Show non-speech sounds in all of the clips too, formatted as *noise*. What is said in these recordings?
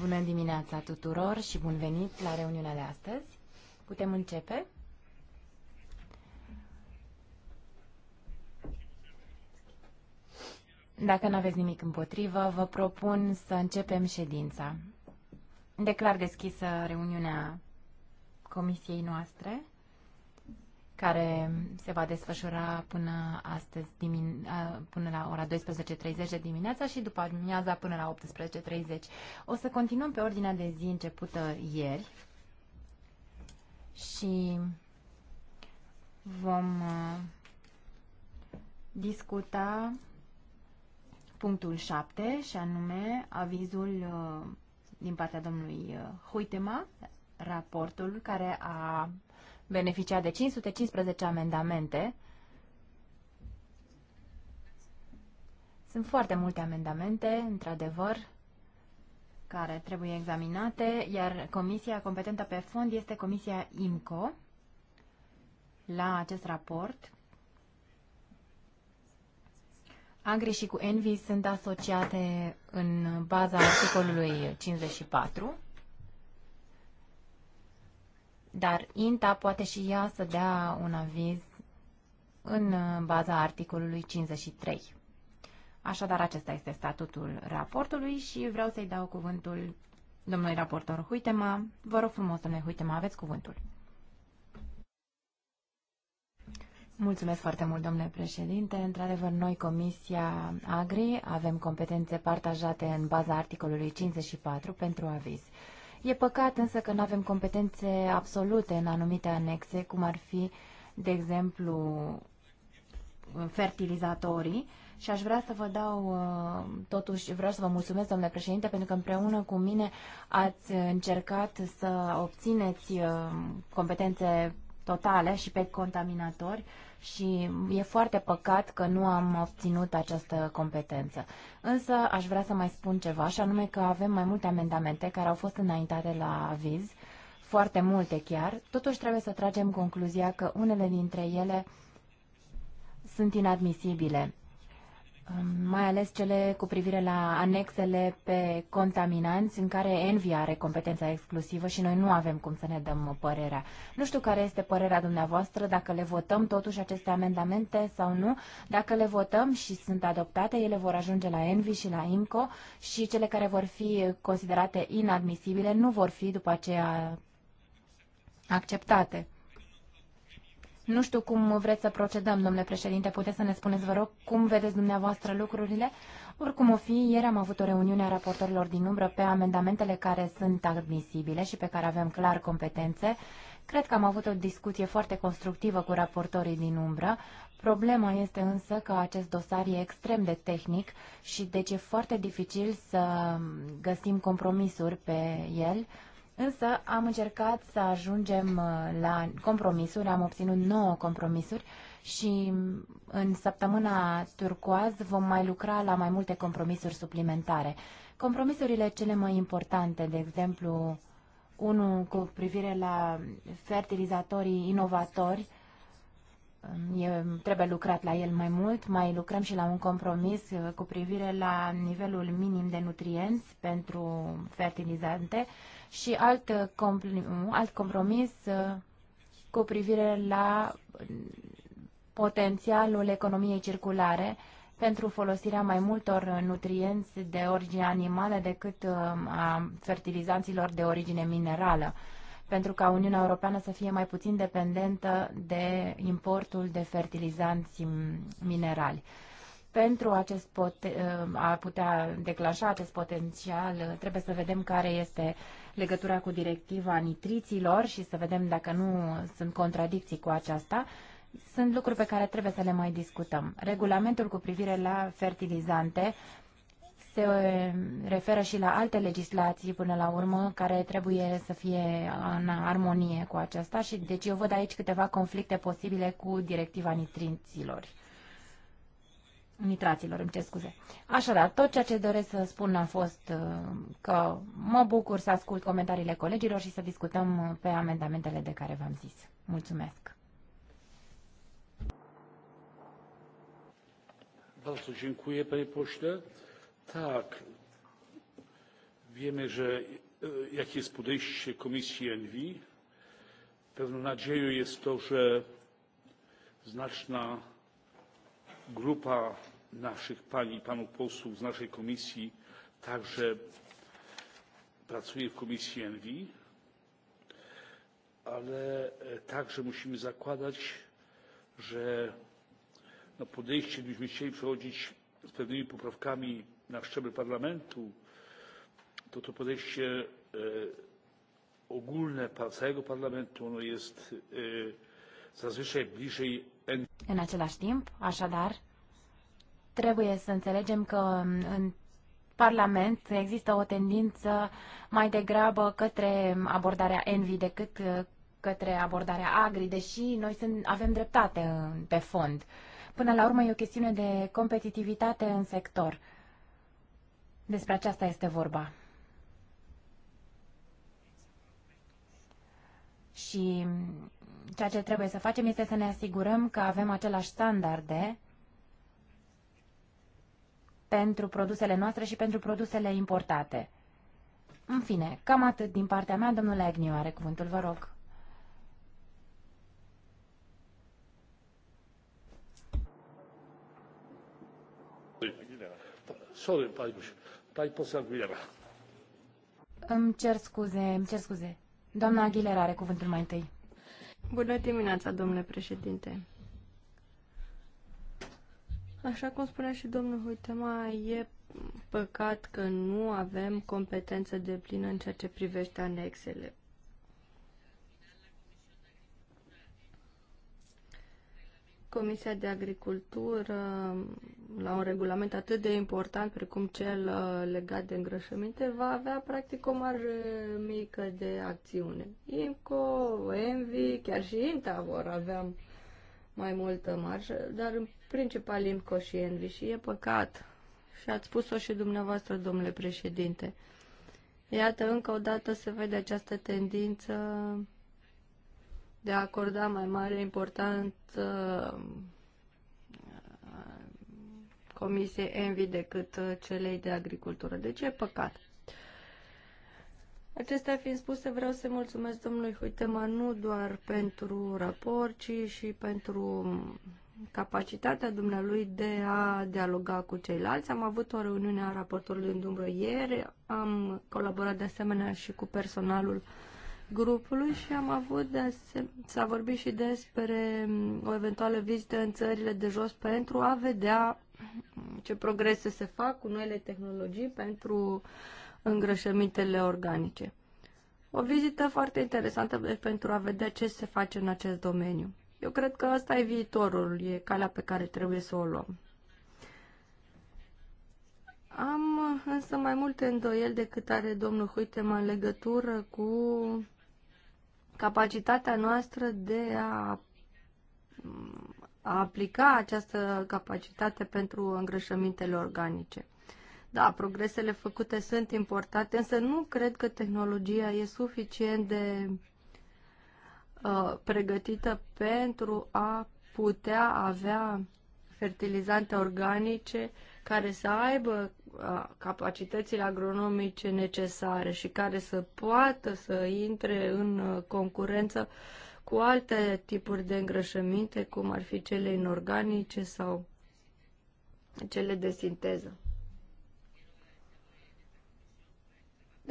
Bună dimineața tuturor și bun venit la reuniunea de astăzi. Putem începe? Dacă nu aveți nimic împotrivă, vă propun să începem ședința. Declar deschisă reuniunea comisiei noastre care se va desfășura până astăzi dimin- până la ora 12.30 de dimineața și după amiaza până la 18.30. O să continuăm pe ordinea de zi începută ieri și vom discuta punctul 7 și anume avizul din partea domnului Huitema, raportul care a beneficia de 515 amendamente. Sunt foarte multe amendamente, într-adevăr, care trebuie examinate, iar comisia competentă pe fond este comisia IMCO la acest raport. Agri și cu Envi sunt asociate în baza articolului 54. Dar INTA poate și ea să dea un aviz în uh, baza articolului 53. Așadar, acesta este statutul raportului și vreau să-i dau cuvântul domnului raportor Huitema. Vă rog frumos, domnule Huitema, aveți cuvântul. Mulțumesc foarte mult, domnule președinte. Într-adevăr, noi, Comisia Agri, avem competențe partajate în baza articolului 54 pentru aviz. E păcat însă că nu avem competențe absolute în anumite anexe, cum ar fi, de exemplu, fertilizatorii și aș vrea să vă dau, uh, totuși, vreau să vă mulțumesc, domnule președinte, pentru că împreună cu mine ați încercat să obțineți uh, competențe totale și pe contaminatori și e foarte păcat că nu am obținut această competență. Însă aș vrea să mai spun ceva, și anume că avem mai multe amendamente care au fost înaintate la aviz, foarte multe chiar, totuși trebuie să tragem concluzia că unele dintre ele sunt inadmisibile. Um, mai ales cele cu privire la anexele pe contaminanți, în care Envi are competența exclusivă și noi nu avem cum să ne dăm părerea. Nu știu care este părerea dumneavoastră, dacă le votăm totuși aceste amendamente sau nu. Dacă le votăm și sunt adoptate, ele vor ajunge la Envi și la IMCO și cele care vor fi considerate inadmisibile nu vor fi după aceea acceptate. Nu știu cum vreți să procedăm, domnule președinte. Puteți să ne spuneți, vă rog, cum vedeți dumneavoastră lucrurile? Oricum o fi, ieri am avut o reuniune a raportorilor din umbră pe amendamentele care sunt admisibile și pe care avem clar competențe. Cred că am avut o discuție foarte constructivă cu raportorii din umbră. Problema este însă că acest dosar e extrem de tehnic și deci e foarte dificil să găsim compromisuri pe el Însă am încercat să ajungem uh, la compromisuri, am obținut nouă compromisuri și mm, în săptămâna turcoaz vom mai lucra la mai multe compromisuri suplimentare. Compromisurile cele mai importante, de exemplu, unul cu privire la fertilizatorii inovatori, mm, e, trebuie lucrat la el mai mult. Mai lucrăm și la un compromis uh, cu privire la nivelul minim de nutrienți pentru fertilizante și alt, uh, alt compromis uh, cu privire la uh, potențialul economiei circulare pentru folosirea mai multor nutrienți de origine animală decât a fertilizanților de origine minerală, pentru ca Uniunea Europeană să fie mai puțin dependentă de importul de fertilizanți minerali. Pentru acest pot, a putea declanșa acest potențial, trebuie să vedem care este uh, legătura cu directiva nitriților și să vedem dacă nu sunt contradicții cu aceasta, sunt lucruri pe care trebuie să le mai discutăm. Regulamentul cu privire la fertilizante se referă și la alte legislații până la urmă care trebuie să fie în armonie cu aceasta și deci eu văd aici câteva conflicte posibile cu directiva nitriților nitraților, îmi cer scuze. Așadar, tot ceea ce doresc să spun a fost uh, că mă bucur să ascult comentariile colegilor și să discutăm uh, pe amendamentele de care v-am zis. Mulțumesc! Bardzo dziękuję, panie pośle. Tak, wiemy, że jakie jest podejście Komisji Envi. Pewną nadzieją jest to, że znaczna grupa naszych pań i panów posłów z naszej komisji także pracuje w komisji envi ale także musimy zakładać że podejście gdybyśmy chcieli przechodzić z pewnymi poprawkami na szczebel parlamentu to to podejście ogólne całego parlamentu ono jest zazwyczaj bliżej. În același timp, așadar, trebuie să înțelegem că în Parlament există o tendință mai degrabă către abordarea envy decât uh, către abordarea agri, deși noi sunt, avem dreptate uh, pe fond. Până la urmă e o chestiune de competitivitate în sector. Despre aceasta este vorba. Și mm, ceea ce trebuie să facem este să ne asigurăm că avem aceleași standarde pentru produsele noastre și pentru produsele importate. În fine, cam atât din partea mea. Domnule Agniu are cuvântul, vă rog. Îmi cer scuze, îmi cer scuze. Doamna Aguilera are cuvântul mai întâi. Bună dimineața, domnule președinte. Așa cum spunea și domnul Huitema, e păcat că nu avem competență de plină în ceea ce privește anexele. Comisia de Agricultură, la un regulament atât de important precum cel uh, legat de îngrășăminte, va avea practic o marjă mică de acțiune. INCO, ENVI, chiar și INTA vor avea mai multă marjă, dar în principal IMCO și Envi și e păcat. Și ați spus-o și dumneavoastră, domnule președinte. Iată, încă o dată se vede această tendință de a acorda mai mare importanță uh, Comisiei Envi decât uh, celei de agricultură. Deci e păcat. Acestea fiind spuse, vreau să mulțumesc domnului Huitema nu doar pentru raport, ci și pentru capacitatea dumnealui de a dialoga cu ceilalți. Am avut o reuniune a raportorului în Dumbră ieri, am colaborat de asemenea și cu personalul grupului și am avut de asemenea, s-a vorbit și despre o eventuală vizită în țările de jos pentru a vedea ce progrese se fac cu noile tehnologii pentru îngrășămintele organice. O vizită foarte interesantă pentru a vedea ce se face în acest domeniu. Eu cred că asta e viitorul, e calea pe care trebuie să o luăm. Am însă mai multe îndoieli decât are domnul Huitema în legătură cu capacitatea noastră de a, a aplica această capacitate pentru îngrășămintele organice. Da, progresele făcute sunt importante, însă nu cred că tehnologia e suficient de Uh, pregătită pentru a putea avea fertilizante organice care să aibă uh, capacitățile agronomice necesare și care să poată să intre în uh, concurență cu alte tipuri de îngrășăminte, cum ar fi cele inorganice sau cele de sinteză.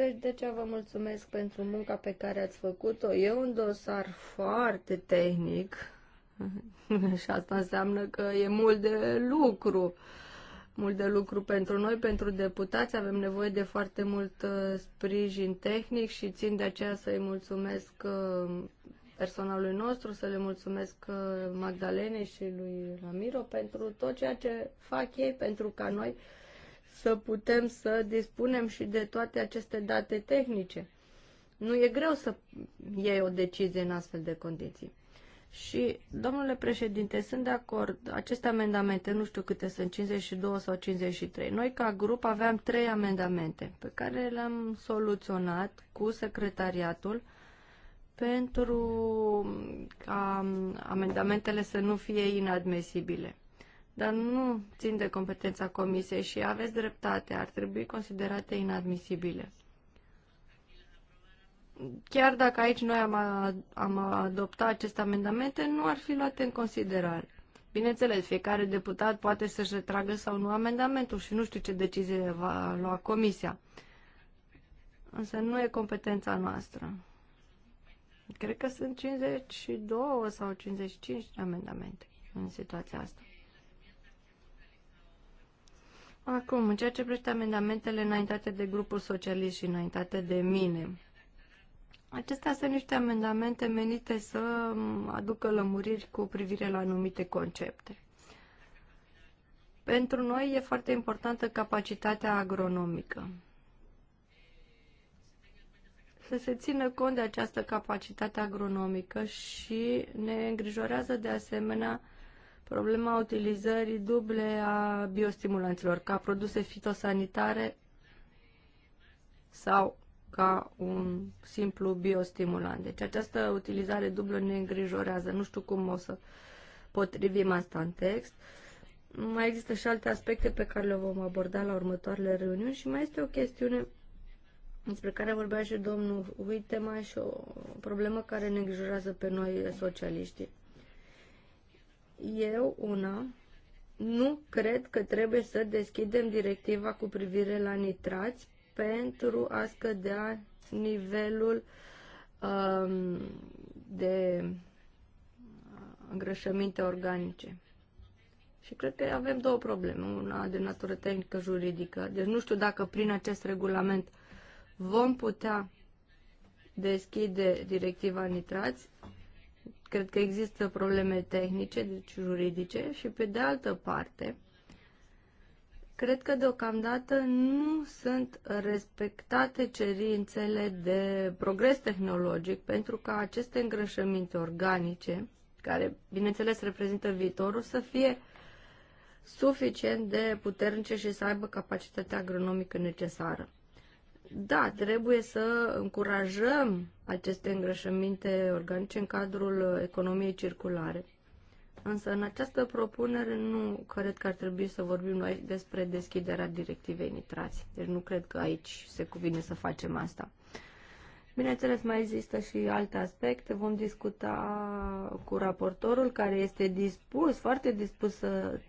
Deci de ce vă mulțumesc pentru munca pe care ați făcut-o. E un dosar foarte tehnic *laughs* și asta înseamnă că e mult de lucru. Mult de lucru pentru noi, pentru deputați. Avem nevoie de foarte mult uh, sprijin tehnic și țin de aceea să-i mulțumesc uh, personalului nostru, să le mulțumesc uh, Magdalene și lui Ramiro pentru tot ceea ce fac ei pentru ca noi să putem să dispunem și de toate aceste date tehnice. Nu e greu să iei o decizie în astfel de condiții. Și, domnule președinte, sunt de acord, aceste amendamente, nu știu câte sunt, 52 sau 53. Noi, ca grup, aveam trei amendamente pe care le-am soluționat cu secretariatul pentru ca um, amendamentele să nu fie inadmisibile dar nu țin de competența comisiei și aveți dreptate, ar trebui considerate inadmisibile. Chiar dacă aici noi am, am adoptat aceste amendamente, nu ar fi luate în considerare. Bineînțeles, fiecare deputat poate să-și retragă sau nu amendamentul și nu știu ce decizie va lua comisia. Însă nu e competența noastră. Cred că sunt 52 sau 55 de amendamente în situația asta. Acum, în ceea ce privește amendamentele înaintate de grupul socialist și înaintate de mine, acestea sunt niște amendamente menite să aducă lămuriri cu privire la anumite concepte. Pentru noi e foarte importantă capacitatea agronomică. Să se țină cont de această capacitate agronomică și ne îngrijorează de asemenea problema utilizării duble a biostimulanților ca produse fitosanitare sau ca un simplu biostimulant. Deci această utilizare dublă ne îngrijorează. Nu știu cum o să potrivim asta în text. Mai există și alte aspecte pe care le vom aborda la următoarele reuniuni și mai este o chestiune despre care vorbea și domnul Uitema și o problemă care ne îngrijorează pe noi socialiștii. Eu, una, nu cred că trebuie să deschidem directiva cu privire la nitrați pentru a scădea nivelul um, de uh, îngrășăminte organice. Și cred că avem două probleme, una de natură tehnică juridică. Deci nu știu dacă prin acest regulament vom putea deschide directiva nitrați cred că există probleme tehnice, deci juridice, și pe de altă parte, cred că deocamdată nu sunt respectate cerințele de progres tehnologic pentru ca aceste îngrășăminte organice, care bineînțeles reprezintă viitorul, să fie suficient de puternice și să aibă capacitatea agronomică necesară. Da, trebuie să încurajăm aceste îngrășăminte organice în cadrul economiei circulare. Însă în această propunere nu cred că ar trebui să vorbim noi despre deschiderea directivei nitrați. Deci nu cred că aici se cuvine să facem asta. Bineînțeles, mai există și alte aspecte. Vom discuta cu raportorul care este dispus, foarte dispus să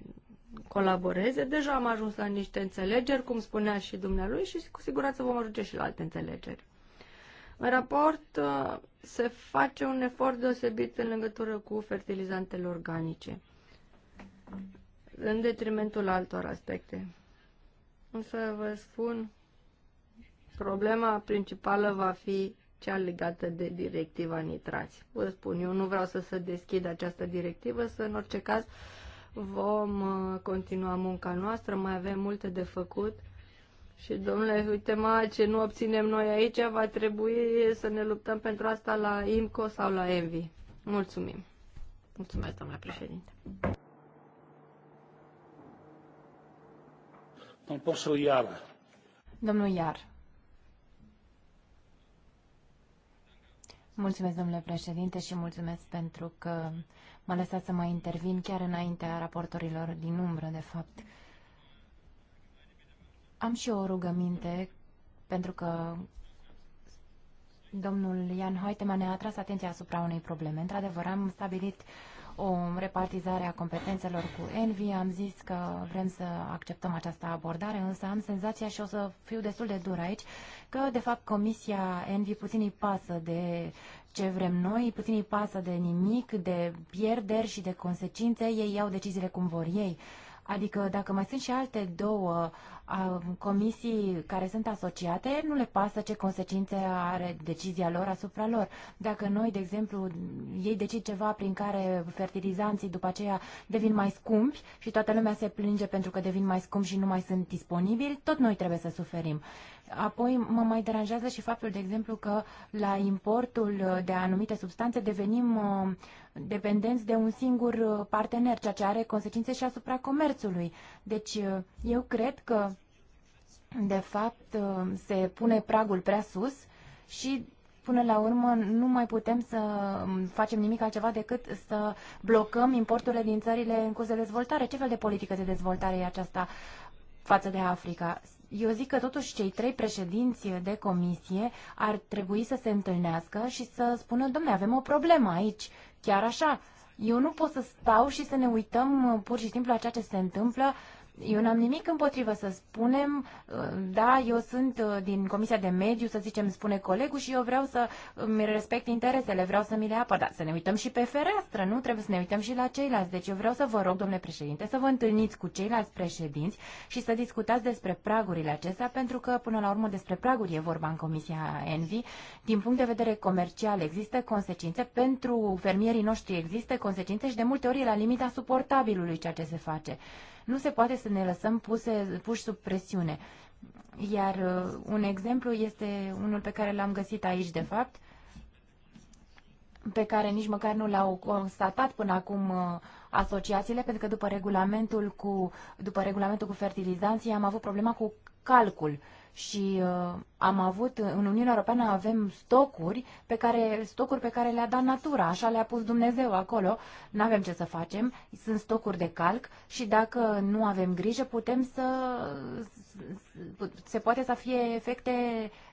colaboreze. Deja am ajuns la niște înțelegeri, cum spunea și dumnealui, și cu siguranță vom ajunge și la alte înțelegeri. În raport uh, se face un efort deosebit în legătură cu fertilizantele organice, în detrimentul altor aspecte. Însă vă spun, problema principală va fi cea legată de directiva nitrați. Vă spun, eu nu vreau să se deschid această directivă, să în orice caz uh, Vom uh, continua munca noastră, mai avem multe de făcut. Și domnule, uite mă, ce nu obținem noi aici, va trebui să ne luptăm pentru asta la IMCO sau la ENVI. Mulțumim. Mulțumesc, domnule președinte. Domnul Iar. Domnul Iar. Mulțumesc, domnule președinte, și mulțumesc pentru că m-a lăsat să mai intervin chiar înaintea raportorilor din umbră, de fapt. Am și o rugăminte, pentru că domnul Ian Hoitema ne-a atras atenția asupra unei probleme. Într-adevăr, am stabilit o repartizare a competențelor cu Envy, am zis că vrem să acceptăm această abordare, însă am senzația și o să fiu destul de dur aici, că de fapt Comisia Envy puțin îi pasă de ce vrem noi, puțin îi pasă de nimic, de pierderi și de consecințe, ei iau deciziile cum vor ei. Adică dacă mai sunt și alte două a, comisii care sunt asociate, nu le pasă ce consecințe are decizia lor asupra lor. Dacă noi, de exemplu, ei decid ceva prin care fertilizanții după aceea devin mai scumpi și toată lumea se plânge pentru că devin mai scumpi și nu mai sunt disponibili, tot noi trebuie să suferim. Apoi mă mai deranjează și faptul, de exemplu, că la importul de anumite substanțe devenim uh, dependenți de un singur uh, partener, ceea ce are consecințe și asupra comerțului. Deci uh, eu cred că, de fapt, se pune pragul prea sus și până la urmă nu mai putem să um, facem nimic altceva decât să blocăm importurile din țările în curs de dezvoltare. Ce fel de politică de dezvoltare e aceasta față de Africa? Eu zic că totuși cei trei președinți de comisie ar trebui să se întâlnească și să spună, domne, avem o problemă aici, chiar așa. Eu nu pot să stau și să ne uităm uh, pur și simplu la ceea ce se întâmplă eu n-am nimic împotrivă să spunem, uh, da, eu sunt uh, din Comisia de Mediu, să zicem, spune colegul și eu vreau să um, mi respect interesele, vreau să mi le apăr, dar să ne uităm și pe fereastră, nu? Trebuie să ne uităm și la ceilalți. Deci eu vreau să vă rog, domnule președinte, să vă întâlniți cu ceilalți președinți și să discutați despre pragurile acestea, pentru că până la urmă despre praguri e vorba în Comisia Envi. Din punct de vedere comercial există consecințe, pentru fermierii noștri există consecințe și de multe ori e la limita suportabilului ceea ce se face. Nu se poate să ne lăsăm puse, puși sub presiune. Iar uh, un exemplu este unul pe care l-am găsit aici, de fapt, pe care nici măcar nu l-au constatat până acum uh, asociațiile, pentru că după regulamentul cu, după regulamentul cu fertilizanții am avut problema cu calcul și uh, am avut, în Uniunea Europeană avem stocuri pe care, stocuri pe care le-a dat natura, așa le-a pus Dumnezeu acolo, nu avem ce să facem, sunt stocuri de calc și dacă nu avem grijă putem să, se poate să fie efecte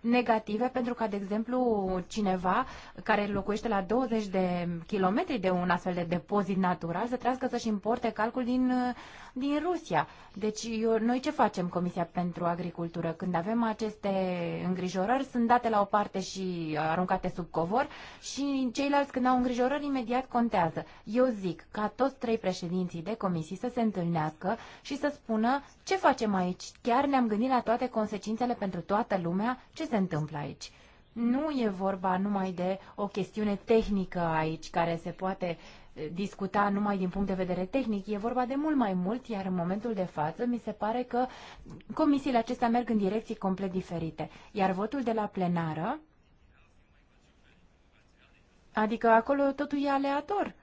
negative pentru ca, de exemplu, cineva care locuiește la 20 de kilometri de un astfel de depozit natural să trească să-și importe calcul din, din Rusia. Deci eu, noi ce facem Comisia pentru Agricultură când avem aceste îngrijorări sunt date la o parte și uh, aruncate sub covor și ceilalți când au îngrijorări imediat contează. Eu zic ca toți trei președinții de comisii să se întâlnească și să spună ce facem aici. Chiar ne-am gândit la toate consecințele pentru toată lumea ce se întâmplă aici. Nu e vorba numai de o chestiune tehnică aici care se poate discuta numai din punct de vedere tehnic, e vorba de mult mai mult, iar în momentul de față mi se pare că comisiile acestea merg în direcții complet diferite. Iar votul de la plenară, adică acolo totul e aleator.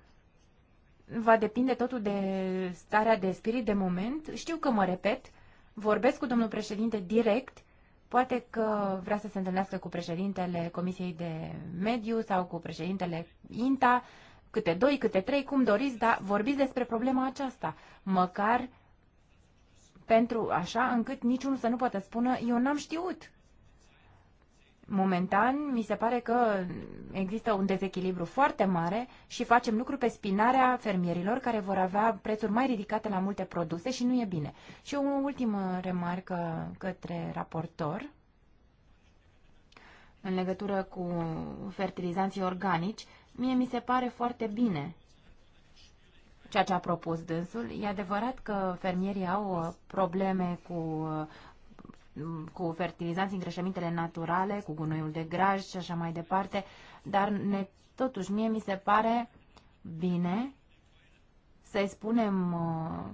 Va depinde totul de starea de spirit de moment. Știu că mă repet, vorbesc cu domnul președinte direct, Poate că vrea să se întâlnească cu președintele Comisiei de Mediu sau cu președintele INTA câte doi, câte trei, cum doriți, dar vorbiți despre problema aceasta. Măcar pentru așa încât niciunul să nu poată spună, eu n-am știut. Momentan, mi se pare că există un dezechilibru foarte mare și facem lucruri pe spinarea fermierilor care vor avea prețuri mai ridicate la multe produse și nu e bine. Și o ultimă remarcă către raportor în legătură cu fertilizanții organici. Mie mi se pare foarte bine ceea ce a propus dânsul. E adevărat că fermierii au uh, probleme cu uh, cu fertilizanți îngreșămintele naturale, cu gunoiul de graj și așa mai departe, dar ne, totuși mie mi se pare bine să-i spunem uh,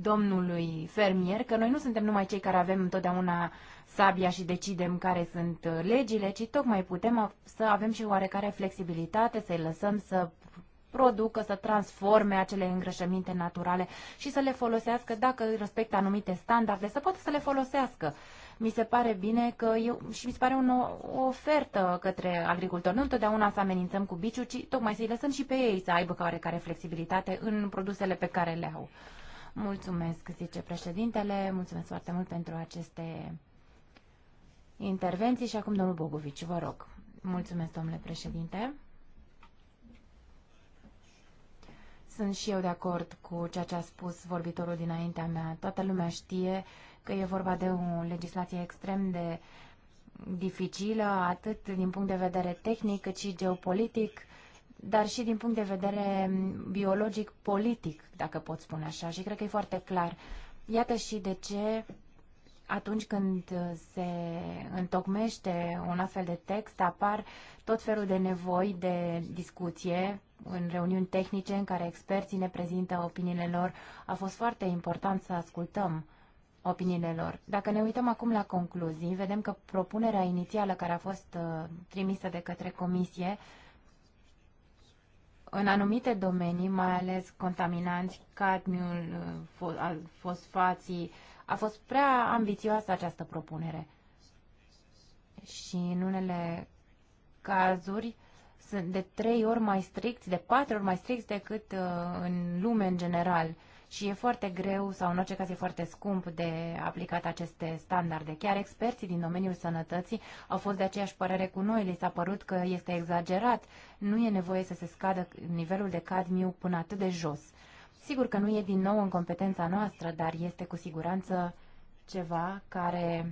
domnului fermier că noi nu suntem numai cei care avem întotdeauna sabia și decidem care sunt uh, legile, ci tocmai putem să avem și oarecare flexibilitate, să-i lăsăm să producă, să transforme acele îngrășăminte naturale și să le folosească dacă respectă anumite standarde, să poată să le folosească mi se pare bine că eu, și mi se pare un, o ofertă către agricultori. Nu întotdeauna să amenințăm cu biciu, ci tocmai să-i lăsăm și pe ei să aibă oarecare flexibilitate în produsele pe care le au. Mulțumesc, zice președintele, mulțumesc foarte mult pentru aceste intervenții și acum domnul Bogovici, vă rog. Mulțumesc, domnule președinte. Sunt și eu de acord cu ceea ce a spus vorbitorul dinaintea mea. Toată lumea știe uh, că e vorba de o legislație extrem de dificilă, atât din punct de vedere tehnic, cât și geopolitic, dar și din punct de vedere biologic-politic, dacă pot spune așa. Și cred că e foarte clar. Iată și de ce atunci când se întocmește un astfel de text, apar tot felul de nevoi de discuție în reuniuni tehnice în care experții ne prezintă opiniile lor. A fost foarte important să ascultăm opiniile lor. Dacă ne uităm acum la concluzii, vedem că propunerea inițială care a fost uh, trimisă de către comisie în anumite domenii, mai ales contaminanți, cadmiul, uh, fosfații, a fost prea ambițioasă această propunere. Și în unele cazuri sunt de trei ori mai stricți, de patru ori mai stricți decât uh, în lume în general și e foarte greu sau în orice caz e foarte scump de aplicat aceste standarde. Chiar experții din domeniul sănătății au fost de aceeași părere cu noi, li s-a părut că este exagerat, nu e nevoie să se scadă nivelul de cadmiu până atât de jos. Sigur că nu e din nou în competența noastră, dar este cu siguranță ceva care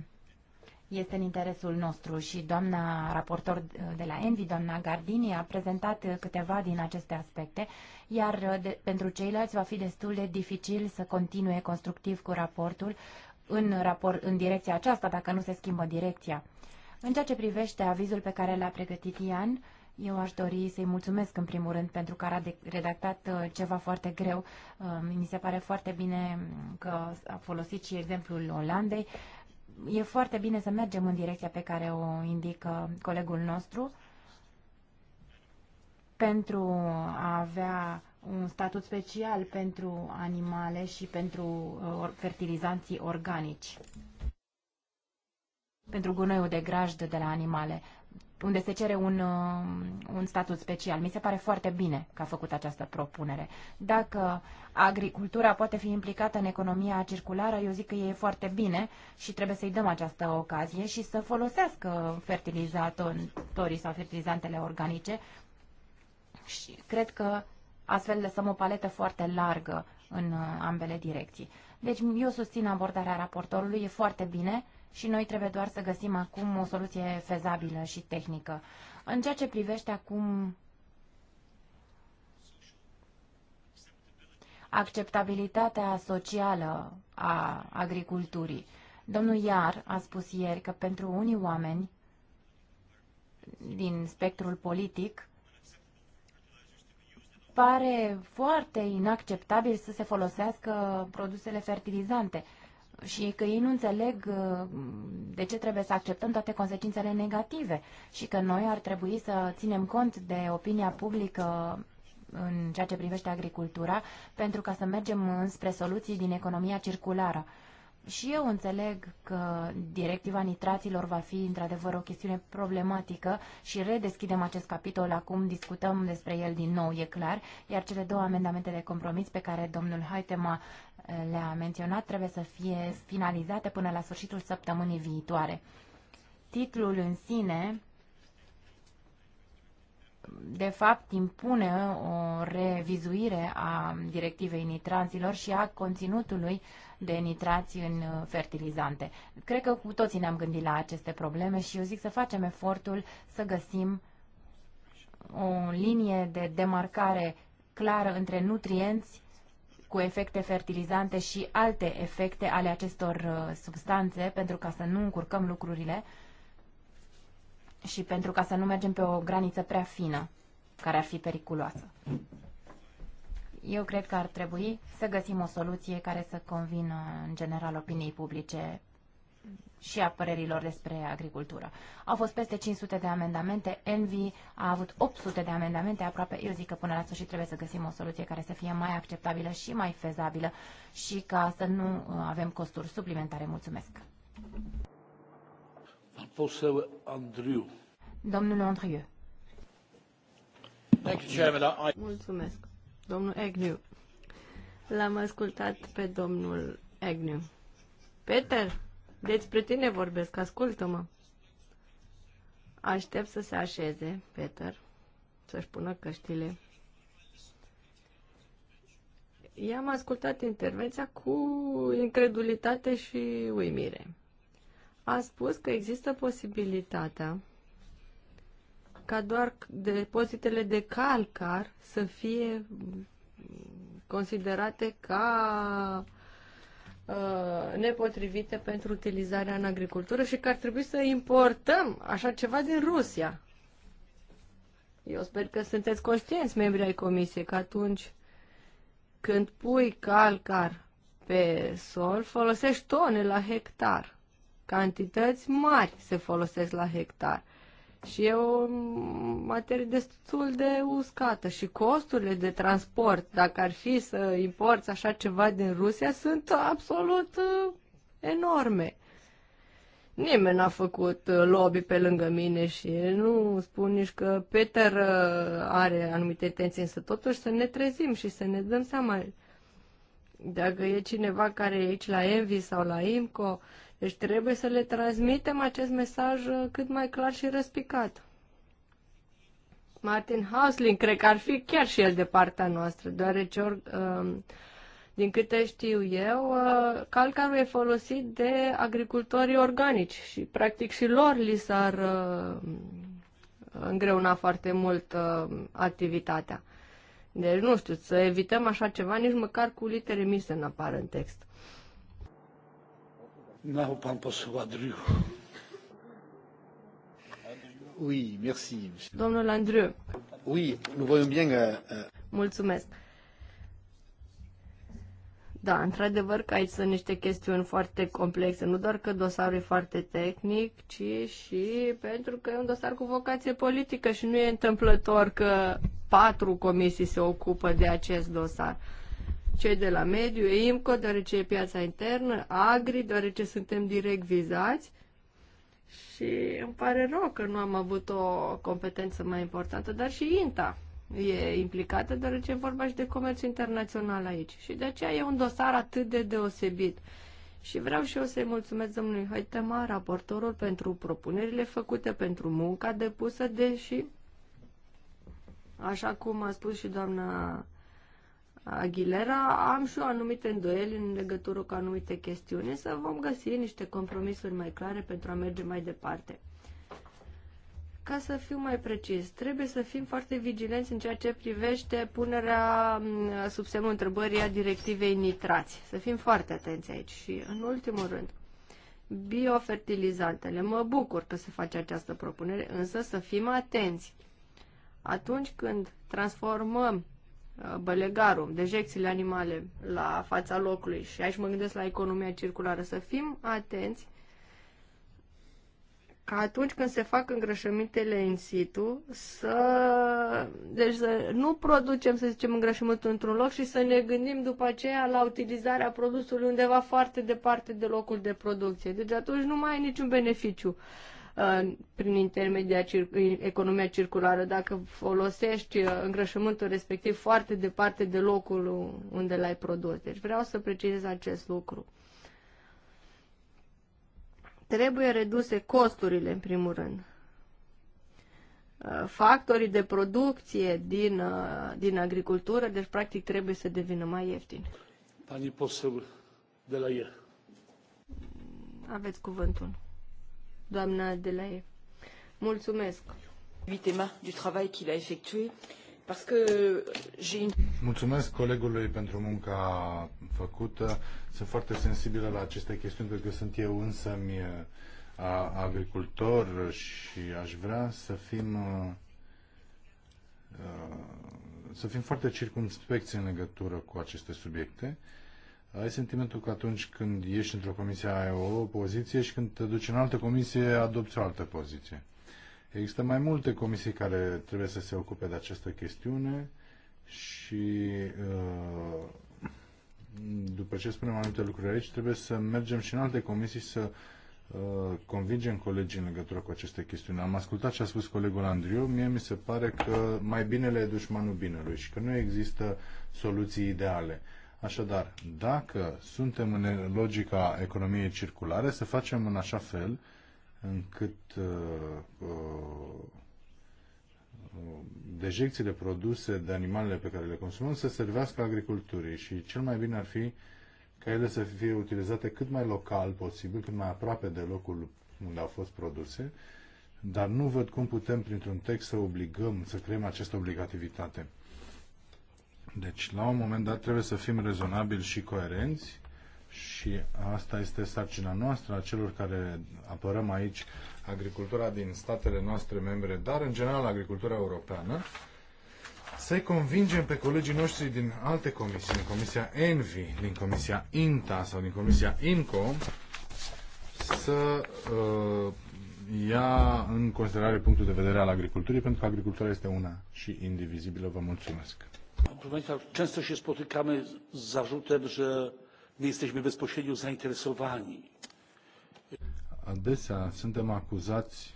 este în interesul nostru și doamna raportor de la Envi, doamna Gardini, a prezentat câteva din aceste aspecte, iar de, pentru ceilalți va fi destul de dificil să continue constructiv cu raportul în, raport, în direcția aceasta, dacă nu se schimbă direcția. În ceea ce privește avizul pe care l-a pregătit Ian, eu aș dori să-i mulțumesc în primul rând pentru că a redactat uh, ceva foarte greu. Uh, mi se pare foarte bine că a folosit și exemplul Olandei e foarte bine să mergem în direcția pe care o indică colegul nostru pentru a avea un statut special pentru animale și pentru uh, fertilizanții organici, pentru gunoiul de grajd de la animale unde se cere un, uh, un statut special. Mi se pare foarte bine că a făcut această propunere. Dacă agricultura poate fi implicată în economia circulară, eu zic că e foarte bine și trebuie să-i dăm această ocazie și să folosească fertilizatorii sau fertilizantele organice și cred că astfel lăsăm o paletă foarte largă în uh, ambele direcții. Deci eu susțin abordarea raportorului, e foarte bine și noi trebuie doar să găsim acum o soluție fezabilă și tehnică. În ceea ce privește acum acceptabilitatea socială a agriculturii. Domnul Iar a spus ieri că pentru unii oameni din spectrul politic pare foarte inacceptabil să se folosească produsele fertilizante și că ei nu înțeleg uh, de ce trebuie să acceptăm toate consecințele negative și că noi ar trebui să ținem cont de opinia publică în ceea ce privește agricultura pentru ca să mergem spre soluții din economia circulară. Și eu înțeleg că directiva nitraților va fi într-adevăr o chestiune problematică și redeschidem acest capitol acum, discutăm despre el din nou, e clar, iar cele două amendamente de compromis pe care domnul Haitema eh, le-a menționat trebuie să fie finalizate până la sfârșitul săptămânii viitoare. Titlul în sine de fapt impune o revizuire a directivei nitraților și a conținutului de nitrați în uh, fertilizante. Cred că cu toții ne-am gândit la aceste probleme și eu zic să facem efortul să găsim o linie de demarcare clară între nutrienți cu efecte fertilizante și alte efecte ale acestor uh, substanțe pentru ca să nu încurcăm lucrurile și pentru ca să nu mergem pe o graniță prea fină, care ar fi periculoasă. Eu cred că ar trebui să găsim o soluție care să convină în general opiniei publice și a părerilor despre agricultură. Au fost peste 500 de amendamente, Envi a avut 800 de amendamente, aproape eu zic că până la sfârșit trebuie să găsim o soluție care să fie mai acceptabilă și mai fezabilă și ca să nu uh, avem costuri suplimentare. Mulțumesc! Poseu Andriu. Domnul Andriu. Mulțumesc. Domnul Agnew. L-am ascultat pe domnul Agnew. Peter, despre tine vorbesc, ascultă-mă. Aștept să se așeze, Peter, să-și pună căștile. I-am ascultat intervenția cu incredulitate și uimire a spus că există posibilitatea ca doar depozitele de calcar să fie considerate ca uh, nepotrivite pentru utilizarea în agricultură și că ar trebui să importăm așa ceva din Rusia. Eu sper că sunteți conștienți, membrii ai comisiei, că atunci când pui calcar pe sol, folosești tone la hectar. Cantități mari se folosesc la hectar. Și e o materie destul de uscată și costurile de transport, dacă ar fi să importi așa ceva din Rusia, sunt absolut uh, enorme. Nimeni n-a făcut uh, lobby pe lângă mine și nu spun nici că Peter uh, are anumite intenții, însă totuși să ne trezim și să ne dăm seama dacă e cineva care e aici la Envy sau la IMCO, deci trebuie să le transmitem acest mesaj uh, cât mai clar și răspicat. Martin Hausling cred că ar fi chiar și el de partea noastră, deoarece or, um, din câte știu eu, uh, calcarul e folosit de agricultorii organici și practic și lor li s-ar uh, îngreuna foarte mult activitatea. Deci, nu știu, să evităm așa ceva, nici măcar cu litere mici în n-apară în text. Now, pan poseł Oui, merci. Domnul Oui, nous voyons bien. Uh... Mulțumesc. Da, într-adevăr că aici sunt niște chestiuni foarte complexe, nu doar că dosarul e foarte tehnic, ci și pentru că e un dosar cu vocație politică și nu e întâmplător că patru comisii se ocupă de acest dosar cei de la mediu, IMCO, deoarece e piața internă, Agri, deoarece suntem direct vizați. Și îmi pare rău că nu am avut o competență mai importantă, dar și INTA e implicată, deoarece e vorba și de comerț internațional aici. Și de aceea e un dosar atât de deosebit. Și vreau și eu să-i mulțumesc domnului Haitema, raportorul, pentru propunerile făcute, pentru munca depusă, deși, așa cum a spus și doamna Aguilera, am și eu anumite îndoieli în legătură cu anumite chestiuni, să vom găsi niște compromisuri mai clare pentru a merge mai departe. Ca să fiu mai precis, trebuie să fim foarte vigilenți în ceea ce privește punerea mm, sub semnul întrebării a directivei nitrați. Să fim foarte atenți aici și, în ultimul rând, biofertilizantele. Mă bucur că se face această propunere, însă să fim atenți. Atunci când transformăm bălegarul, dejecțiile animale la fața locului și aici mă gândesc la economia circulară, să fim atenți ca atunci când se fac îngrășămintele în situ, să... Deci să nu producem, să zicem, îngrășământul într-un loc și să ne gândim după aceea la utilizarea produsului undeva foarte departe de locul de producție. Deci atunci nu mai ai niciun beneficiu prin intermedia cir- economia circulară. Dacă folosești uh, îngrășământul respectiv foarte departe de locul unde l-ai produs. Deci vreau să precizez acest lucru. Trebuie reduse costurile, în primul rând uh, factorii de producție din, uh, din agricultură, deci practic trebuie să devină mai ieftini. Pani posel de la el. Aveți cuvântul doamna Adelaie. Mulțumesc. Vitema du travail qu'il a effectué. Parce que j'ai Mulțumesc colegului pentru munca făcută. Sunt foarte sensibilă la aceste chestiuni pentru că sunt eu însă mi agricultor și aș vrea să fim să fim foarte circumspecți în legătură cu aceste subiecte ai sentimentul că atunci când ești într-o comisie ai o poziție și când te duci în altă comisie adopți o altă poziție. Există mai multe comisii care trebuie să se ocupe de această chestiune și uh, după ce spunem anumite lucruri aici, trebuie să mergem și în alte comisii să uh, convingem colegii în legătură cu aceste chestiuni. Am ascultat ce a spus colegul Andriu, mie mi se pare că mai binele e dușmanul binelui și că nu există soluții ideale. Așadar, dacă suntem în logica economiei circulare, să facem în așa fel încât uh, uh, dejecțiile produse de animalele pe care le consumăm să servească agriculturii și cel mai bine ar fi ca ele să fie utilizate cât mai local posibil, cât mai aproape de locul unde au fost produse, dar nu văd cum putem printr-un text să obligăm, să creăm această obligativitate. Deci, la un moment dat, trebuie să fim rezonabili și coerenți și asta este sarcina noastră a celor care apărăm aici agricultura din statele noastre membre, dar în general agricultura europeană, să-i convingem pe colegii noștri din alte comisii, din Comisia Envi, din Comisia INTA sau din Comisia INCO, să uh, ia în considerare punctul de vedere al agriculturii, pentru că agricultura este una și indivizibilă. Vă mulțumesc! Często się spotykamy z zarzutem, że nie jesteśmy bezpośrednio zainteresowani. Adesea suntem acuzați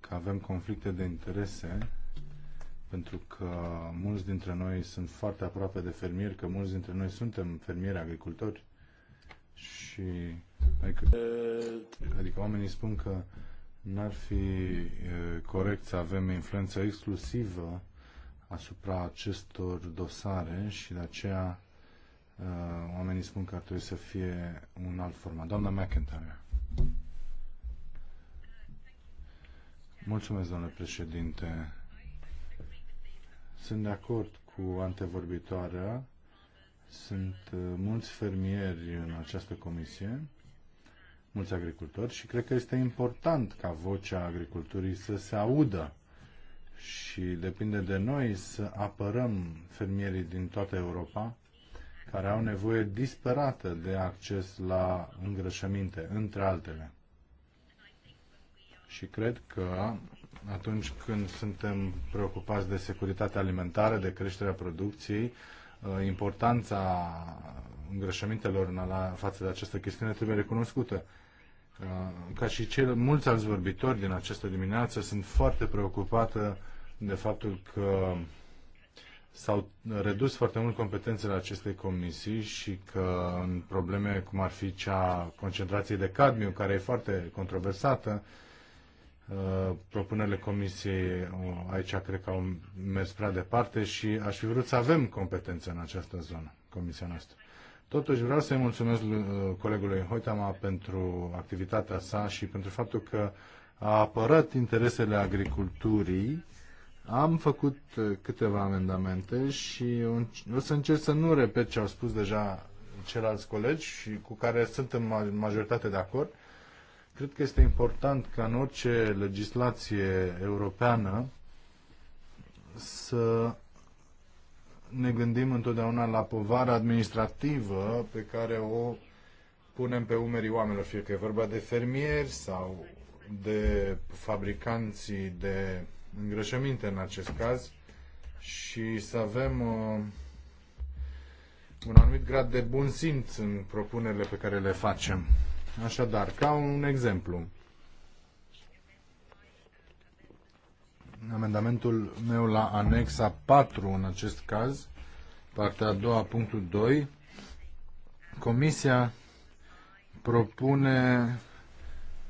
că avem conflicte de interese pentru că mulți dintre noi sunt foarte aproape de fermieri, că mulți dintre noi suntem fermieri agricultori și adică, adică oamenii spun că n-ar fi corect să avem influență exclusivă asupra acestor dosare și de aceea uh, oamenii spun că ar trebui să fie un alt format. Doamna McIntyre. Mulțumesc, domnule președinte. Sunt de acord cu antevorbitoarea. Sunt uh, mulți fermieri în această comisie, mulți agricultori și cred că este important ca vocea agriculturii să se audă și depinde de noi să apărăm fermierii din toată Europa care au nevoie disperată de acces la îngrășăminte, între altele. Și cred că atunci când suntem preocupați de securitatea alimentară, de creșterea producției, uh, importanța îngrășămintelor în la, față de această chestiune trebuie recunoscută. Uh, ca și cei, mulți alți vorbitori din această dimineață, sunt foarte preocupată de faptul că s-au redus foarte mult competențele acestei comisii și că în probleme cum ar fi cea concentrației de cadmiu, care e foarte controversată, uh, propunerile comisiei uh, aici cred că au mers prea departe și aș fi vrut să avem competență în această zonă, comisia noastră. Totuși vreau să-i mulțumesc uh, colegului Hoitama pentru activitatea sa și pentru faptul că a apărat interesele agriculturii am făcut uh, câteva amendamente și o să încerc să nu repet ce au spus deja ceilalți colegi și cu care sunt în majoritate de acord. Cred că este important ca în orice legislație europeană să ne gândim întotdeauna la povara administrativă pe care o punem pe umerii oamenilor, fie că e vorba de fermieri sau de fabricanții de îngrășăminte în acest caz și să avem uh, un anumit grad de bun simț în propunerile pe care le facem. Așadar, ca un exemplu, amendamentul meu la anexa 4 în acest caz, partea a doua, punctul 2, Comisia propune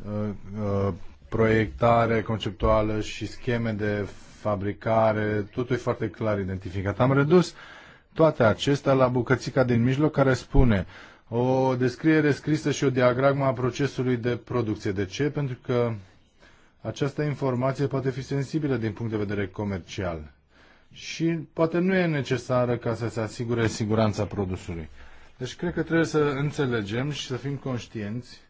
uh, uh, proiectare conceptuală și scheme de fabricare, totul e foarte clar identificat. Am redus toate acestea la bucățica din mijloc care spune o descriere scrisă și o diagramă a procesului de producție. De ce? Pentru că această informație poate fi sensibilă din punct de vedere comercial și poate nu e necesară ca să se asigure siguranța produsului. Deci cred că trebuie să înțelegem și să fim conștienți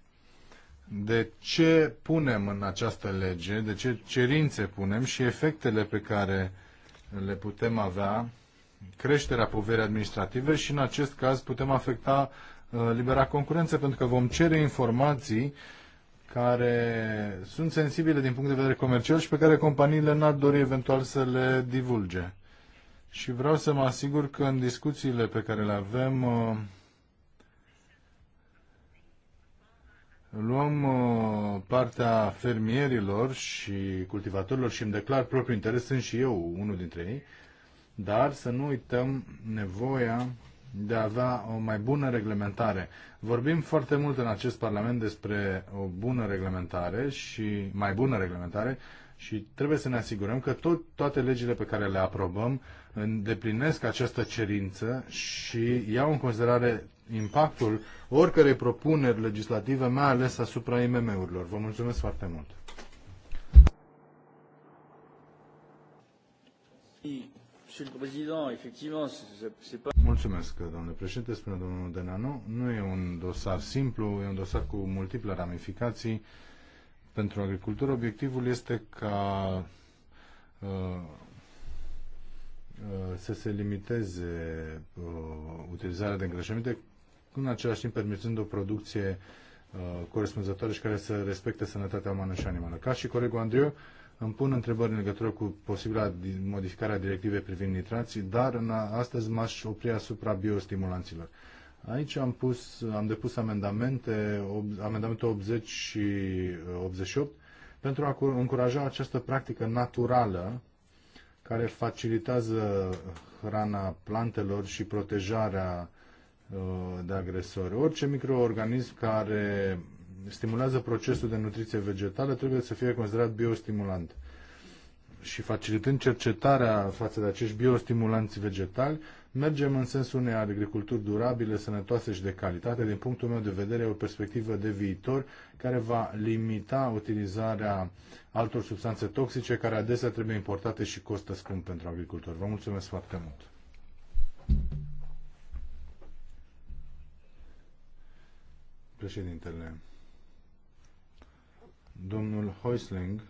de ce punem în această lege, de ce cerințe punem și efectele pe care le putem avea, creșterea poverii administrative și în acest caz putem afecta uh, libera concurență pentru că vom cere informații care sunt sensibile din punct de vedere comercial și pe care companiile n-ar dori eventual să le divulge. Și vreau să mă asigur că în discuțiile pe care le avem uh, luăm uh, partea fermierilor și cultivatorilor și îmi declar propriul interes, sunt și eu unul dintre ei, dar să nu uităm nevoia de a avea o mai bună reglementare. Vorbim foarte mult în acest Parlament despre o bună reglementare și mai bună reglementare și trebuie să ne asigurăm că tot, toate legile pe care le aprobăm îndeplinesc această cerință și iau în considerare impactul oricărei propuneri legislative, mai ales asupra IMM-urilor. Vă mulțumesc foarte mult! Mulțumesc, domnule președinte, spune domnul Denano. Nu e un dosar simplu, e un dosar cu multiple ramificații. Pentru agricultură, obiectivul este ca uh, Uh, să se limiteze uh, utilizarea de îngrășăminte, în același timp permițând o producție uh, corespunzătoare și care să respecte sănătatea umană și animală. Ca și colegul Andriu, îmi pun întrebări în legătură cu posibila modificarea directivei privind nitrații, dar în astăzi m-aș opri asupra biostimulanților. Aici am, pus, am depus amendamente, amendamentul 80 și 88, pentru a încuraja această practică naturală care facilitează hrana plantelor și protejarea uh, de agresori. Orice microorganism care stimulează procesul de nutriție vegetală trebuie să fie considerat biostimulant. Și facilitând cercetarea față de acești biostimulanți vegetali, Mergem în sensul unei agriculturi durabile, sănătoase și de calitate. Din punctul meu de vedere, e o perspectivă de viitor care va limita utilizarea altor substanțe toxice care adesea trebuie importate și costă scump pentru agricultori. Vă mulțumesc foarte mult! Președintele, domnul Heusling,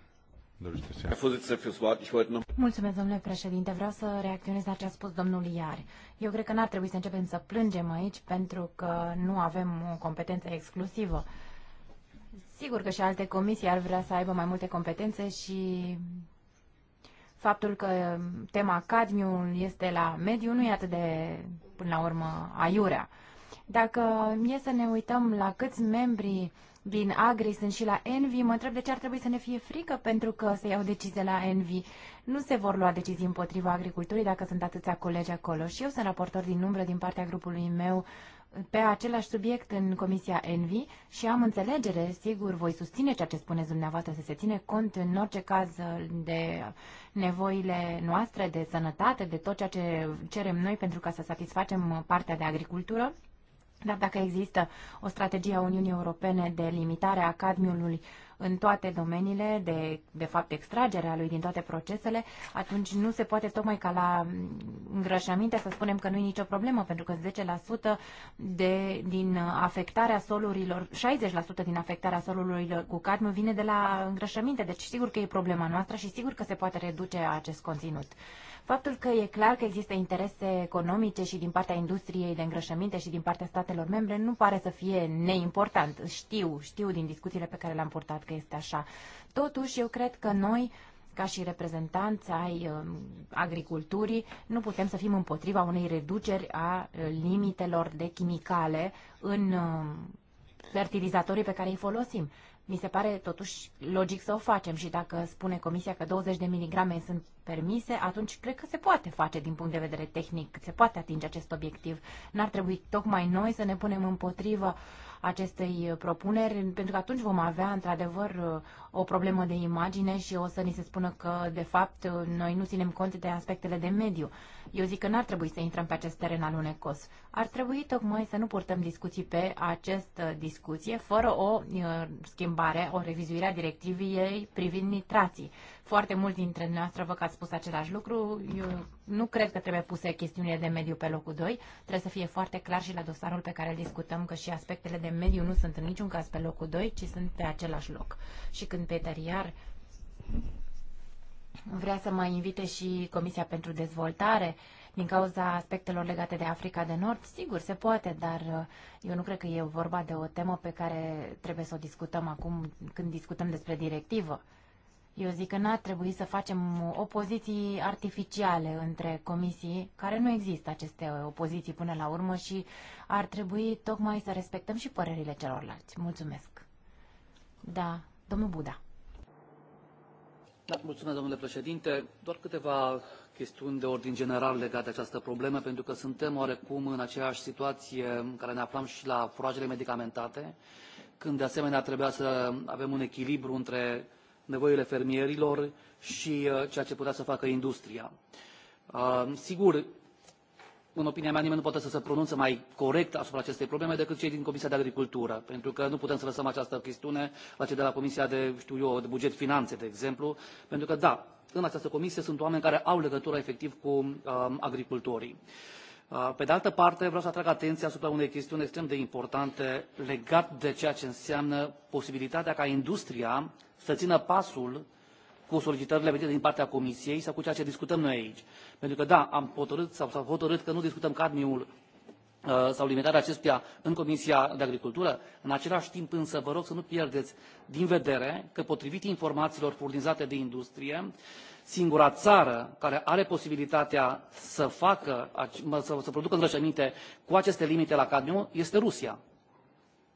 Mulțumesc, domnule președinte. Vreau să reacționez la ce a spus domnul Iar. Eu cred că n-ar trebui să începem să plângem aici pentru că nu avem o competență exclusivă. Sigur că și alte comisii ar vrea să aibă mai multe competențe și faptul că tema cadmiu este la mediu nu e atât de, până la urmă, aiurea. Dacă e să ne uităm la câți membri din Agri, sunt și la Envy. Mă întreb de ce ar trebui să ne fie frică pentru că se iau decizii la Envy. Nu se vor lua decizii împotriva agriculturii dacă sunt atâția colegi acolo. Și eu sunt raportor din umbră din partea grupului meu pe același subiect în Comisia Envy și am înțelegere, sigur, voi susține ceea ce spuneți dumneavoastră, să se ține cont în orice caz de nevoile noastre de sănătate, de tot ceea ce cerem noi pentru ca să satisfacem partea de agricultură dar dacă există o strategie a Uniunii Europene de limitare a cadmiului în toate domeniile, de, de fapt extragerea lui din toate procesele, atunci nu se poate tocmai ca la mm, îngrășăminte să spunem că nu e nicio problemă, pentru că 10% de, din afectarea solurilor, 60% din afectarea solurilor cu cadmiu vine de la îngrășăminte, deci sigur că e problema noastră și sigur că se poate reduce acest conținut. Faptul că e clar că există interese economice și din partea industriei de îngrășăminte și din partea statelor membre nu pare să fie neimportant. Știu, știu din discuțiile pe care le-am purtat că este așa. Totuși, eu cred că noi, ca și reprezentanți ai um, agriculturii, nu putem să fim împotriva unei reduceri a uh, limitelor de chimicale în um, fertilizatorii pe care îi folosim. Mi se pare totuși logic să o facem și dacă spune Comisia că 20 de miligrame sunt permise, atunci cred că se poate face din punct de vedere tehnic, se poate atinge acest obiectiv. N-ar trebui tocmai noi să ne punem împotriva acestei propuneri, pentru că atunci vom avea într-adevăr o problemă de imagine și o să ni se spună că, de fapt, noi nu ținem cont de aspectele de mediu. Eu zic că n-ar trebui să intrăm pe acest teren al unecos. Ar trebui tocmai să nu purtăm discuții pe această discuție fără o uh, schimbare, o revizuire a ei privind nitrații. Foarte mulți dintre noastre vă că ați spus același lucru. Eu nu cred că trebuie puse chestiunile de mediu pe locul 2. Trebuie să fie foarte clar și la dosarul pe care îl discutăm că și aspectele de mediu nu sunt în niciun caz pe locul 2, ci sunt pe același loc. Și când Peter Iar vrea să mai invite și Comisia pentru Dezvoltare din cauza aspectelor legate de Africa de Nord, sigur, se poate, dar uh, eu nu cred că e vorba de o temă pe care trebuie să o discutăm acum când discutăm despre directivă. Eu zic că n-ar trebui să facem opoziții artificiale între comisii, care nu există aceste opoziții până la urmă și ar trebui tocmai să respectăm și părerile celorlalți. Mulțumesc. Da, domnul Buda. Da, mulțumesc, domnule președinte. Doar câteva chestiuni de ordin general legate de această problemă, pentru că suntem oarecum în aceeași situație în care ne aflam și la furajele medicamentate, când de asemenea trebuia să avem un echilibru între nevoile fermierilor și uh, ceea ce putea să facă industria. Uh, sigur, în opinia mea, nimeni nu poate să se pronunțe mai corect asupra acestei probleme decât cei din Comisia de Agricultură, pentru că nu putem să lăsăm această chestiune la cei de la Comisia de, știu eu, de buget finanțe, de exemplu, pentru că, da, în această comisie sunt oameni care au legătură efectiv cu um, agricultorii. Uh, Uh, pe de altă parte, vreau să atrag atenția asupra unei chestiuni extrem de importante legat de ceea ce înseamnă posibilitatea ca industria să țină pasul cu solicitările venite din partea Comisiei sau cu ceea ce discutăm noi aici. Pentru că, da, am hotărât sau s-a hotărât că nu discutăm cadmiul uh, sau limitarea acestuia în Comisia de Agricultură. În același timp însă vă rog să nu pierdeți din vedere că potrivit informațiilor furnizate de industrie, singura țară care are posibilitatea să facă, să, să producă îngrășăminte cu aceste limite la cadmiu este Rusia.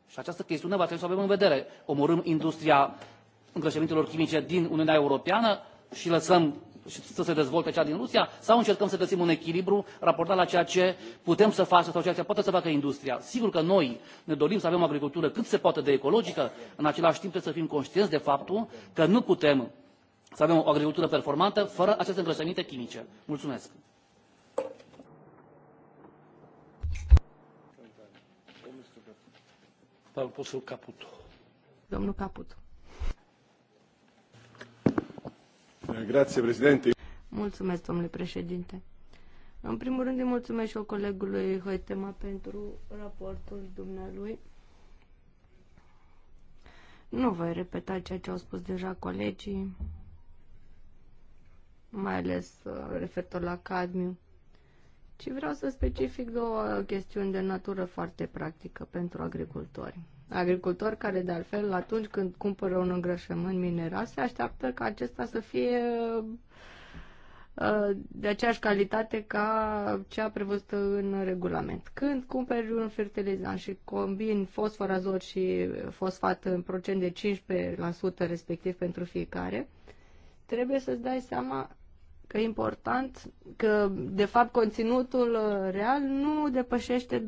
Și această chestiune va trebui să o avem în vedere. Omorâm industria îngrășămintelor chimice din Uniunea Europeană și lăsăm să se dezvolte cea din Rusia sau încercăm să găsim un echilibru raportat la ceea ce putem să facem sau ceea ce poate să facă industria. Sigur că noi ne dorim să avem o agricultură cât se poate de ecologică, în același timp trebuie să fim conștienți de faptul că nu putem să avem o agricultură performantă fără aceste îngrășăminte chimice. Mulțumesc! Domnul Caputo. Grazie, președinte. Mulțumesc, domnule președinte. În primul rând îi mulțumesc și eu colegului Hoitema pentru raportul dumnealui. Nu voi repeta ceea ce au spus deja colegii mai ales uh, referitor la cadmiu. Ci vreau să specific două chestiuni de natură foarte practică pentru agricultori. Agricultori care, de altfel, atunci când cumpără un îngrășământ mineral, se așteaptă ca acesta să fie uh, de aceeași calitate ca cea prevăzută în regulament. Când cumperi un fertilizant și combini fosfor, azot și fosfat în procent de 15% respectiv pentru fiecare, trebuie să-ți dai seama că e important că, de fapt, conținutul uh, real nu depășește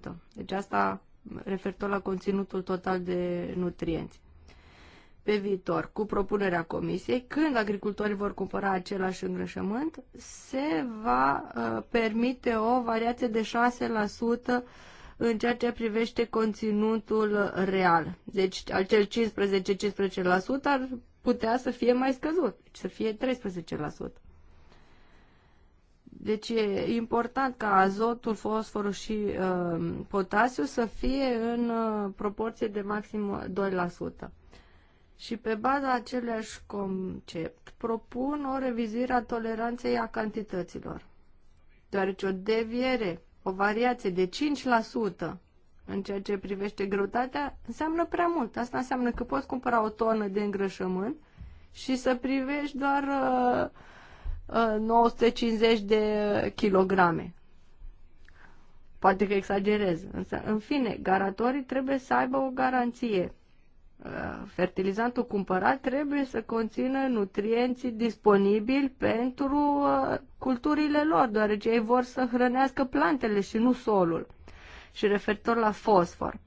2%. Deci asta referitor la conținutul total de nutrienți. Pe viitor, cu propunerea comisiei, când agricultorii vor cumpăra același îngrășământ, se va uh, permite o variație de 6% în ceea ce privește conținutul real. Deci acel 15-15% ar putea să fie mai scăzut, deci să fie 13%. Deci e important ca azotul, fosforul și uh, potasiu să fie în uh, proporție de maxim 2%. Și pe baza aceleași concept propun o revizuire a toleranței a cantităților. Deoarece o deviere, o variație de 5% în ceea ce privește greutatea înseamnă prea mult. Asta înseamnă că poți cumpăra o tonă de îngrășământ și să privești doar uh, 950 de kilograme. Poate că exagerez, însă, în fine, garatorii trebuie să aibă o garanție. Uh, fertilizantul cumpărat trebuie să conțină nutrienții disponibili pentru uh, culturile lor, deoarece ei vor să hrănească plantele și nu solul. Și referitor la fosfor.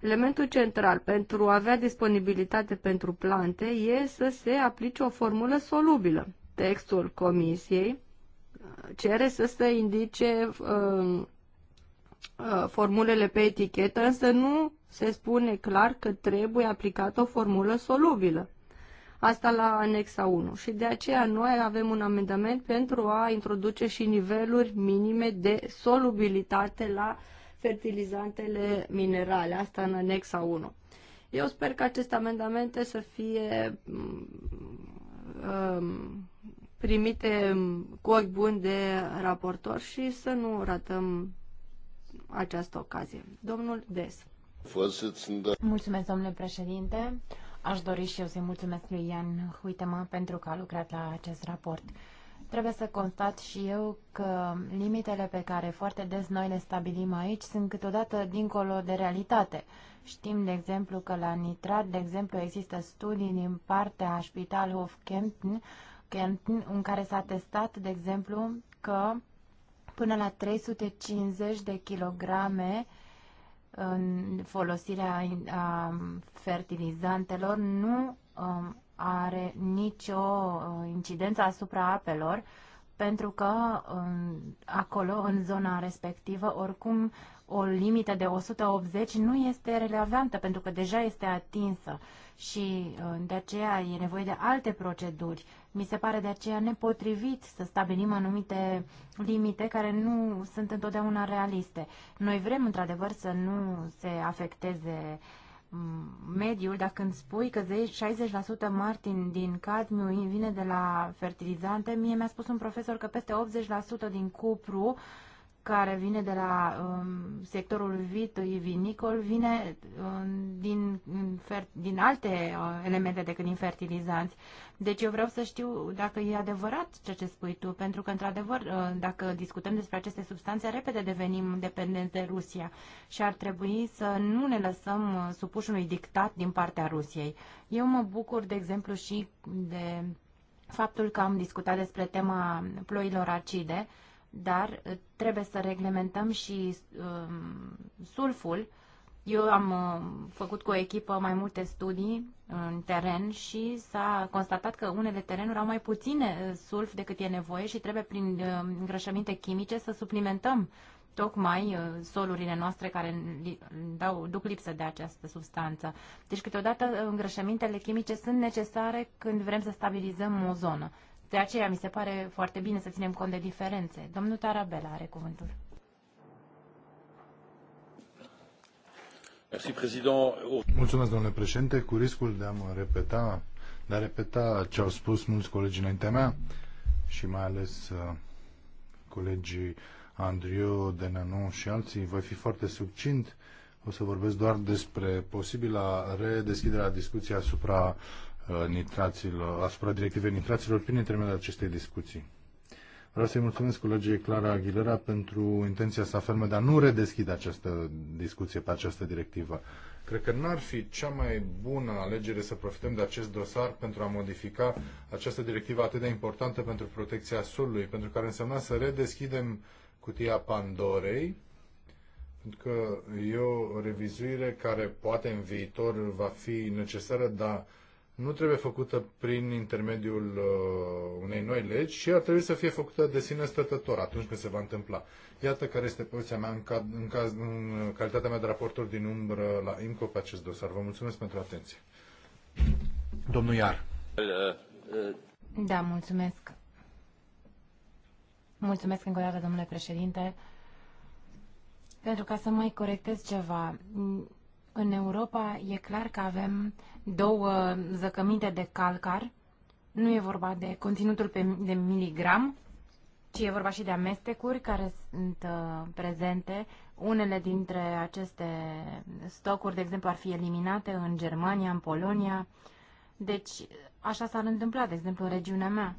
Elementul central pentru a avea disponibilitate pentru plante e să se aplice o formulă solubilă textul comisiei cere să se indice um, uh, formulele pe etichetă, însă nu se spune clar că trebuie aplicată o formulă solubilă. Asta la anexa 1. Și de aceea noi avem un amendament pentru a introduce și niveluri minime de solubilitate la fertilizantele minerale. Asta în anexa 1. Eu sper că aceste amendamente să fie um, um primite cu ochi buni de raportor și să nu ratăm această ocazie. Domnul Des. Mulțumesc, domnule președinte. Aș dori și eu să-i mulțumesc lui Ian Huitema pentru că a lucrat la acest raport. Trebuie să constat și eu că limitele pe care foarte des noi le stabilim aici sunt câteodată dincolo de realitate. Știm, de exemplu, că la nitrat, de exemplu, există studii din partea of Kempten Kenton, în care s-a testat, de exemplu, că până la 350 de kilograme în folosirea a fertilizantelor nu um, are nicio uh, incidență asupra apelor, pentru că um, acolo, în zona respectivă, oricum o limită de 180 nu este relevantă pentru că deja este atinsă și uh, de aceea e nevoie de alte proceduri. Mi se pare de aceea nepotrivit să stabilim anumite limite care nu sunt întotdeauna realiste. Noi vrem într-adevăr să nu se afecteze mm, mediul, dacă când spui că 60% Martin din cadmiu vine de la fertilizante, mie mi-a spus un profesor că peste 80% din cupru uh, care vine de la um, sectorul vinicol vine um, din, din alte uh, elemente decât din fertilizanți. Deci eu vreau să știu dacă e adevărat ceea ce spui tu, pentru că, într-adevăr, uh, dacă discutăm despre aceste substanțe, repede devenim dependenți de Rusia și ar trebui să nu ne lăsăm uh, supuși unui dictat din partea Rusiei. Eu mă bucur, de exemplu, și de faptul că am discutat despre tema ploilor acide, uh, dar uh, trebuie să reglementăm și uh, sulful. Eu am uh, făcut cu o echipă mai multe studii în teren și s-a constatat că unele terenuri au mai puține uh, sulf decât e nevoie și trebuie prin uh, îngrășăminte chimice să suplimentăm tocmai uh, solurile noastre care dau, duc lipsă de această substanță. Deci câteodată uh, îngrășămintele chimice sunt necesare când vrem să stabilizăm o zonă. De aceea mi se pare foarte bine să ținem cont de diferențe. Domnul Tarabela are cuvântul. Mulțumesc, domnule președinte. Cu riscul de a mă repeta, de a repeta ce au spus mulți colegi înaintea mea și mai ales uh, colegii Andriu, Denanu și alții, voi fi foarte succint. O să vorbesc doar despre posibila redeschidere a discuției asupra Uh, nitraților, asupra directivei nitraților prin intermediul acestei discuții. Vreau să-i mulțumesc colegii Clara Aguilera pentru intenția sa fermă de a nu redeschide această discuție pe această directivă. Cred că n-ar fi cea mai bună alegere să profităm de acest dosar pentru a modifica această directivă atât de importantă pentru protecția solului, pentru care însemna să redeschidem cutia Pandorei, pentru că e o revizuire care poate în viitor va fi necesară, dar nu trebuie făcută prin intermediul uh, unei noi legi și ar trebui să fie făcută de sine stătător atunci când se va întâmpla. Iată care este poziția mea în, ca, în, caz, în calitatea mea de raportor din umbră la IMCO pe acest dosar. Vă mulțumesc pentru atenție. Domnul Iar. Da, mulțumesc. Mulțumesc încă o dată, domnule președinte. Pentru ca să mai corectez ceva, în Europa e clar că avem două zăcăminte de calcar. Nu e vorba de conținutul pe, de miligram, ci e vorba și de amestecuri care sunt uh, prezente. Unele dintre aceste stocuri, de exemplu, ar fi eliminate în Germania, în Polonia. Deci, așa s-ar întâmpla, de exemplu, în regiunea mea.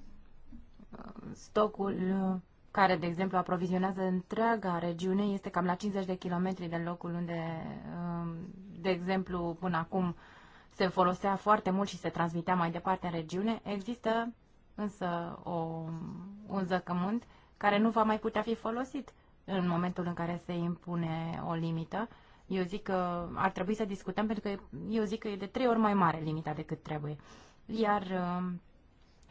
Stocul uh, care, de exemplu, aprovizionează întreaga regiune este cam la 50 de kilometri de locul unde uh, de exemplu, până acum se folosea foarte mult și se transmitea mai departe în regiune, există însă o, un zăcământ care nu va mai putea fi folosit în momentul în care se impune o limită. Eu zic că ar trebui să discutăm pentru că eu zic că e de trei ori mai mare limita decât trebuie. Iar uh,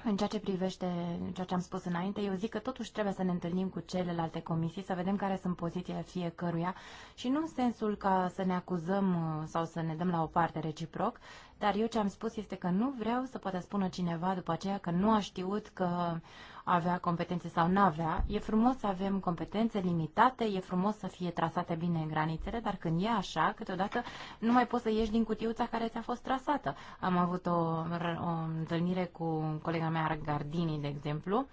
în ceea ce privește ceea ce am spus înainte, eu zic că totuși trebuie să ne întâlnim cu celelalte comisii, să vedem care sunt pozițiile fiecăruia și nu în sensul ca să ne acuzăm uh, sau să ne dăm la o parte reciproc, dar eu ce am spus este că nu vreau să poată spună cineva după aceea că nu a știut că avea competențe sau nu avea. E frumos să avem competențe limitate, e frumos să fie trasate bine în granițele, dar când e așa, câteodată nu mai poți să ieși din cutiuța care ți-a fost trasată. Am avut o, o întâlnire cu colega mea Gardini, de exemplu,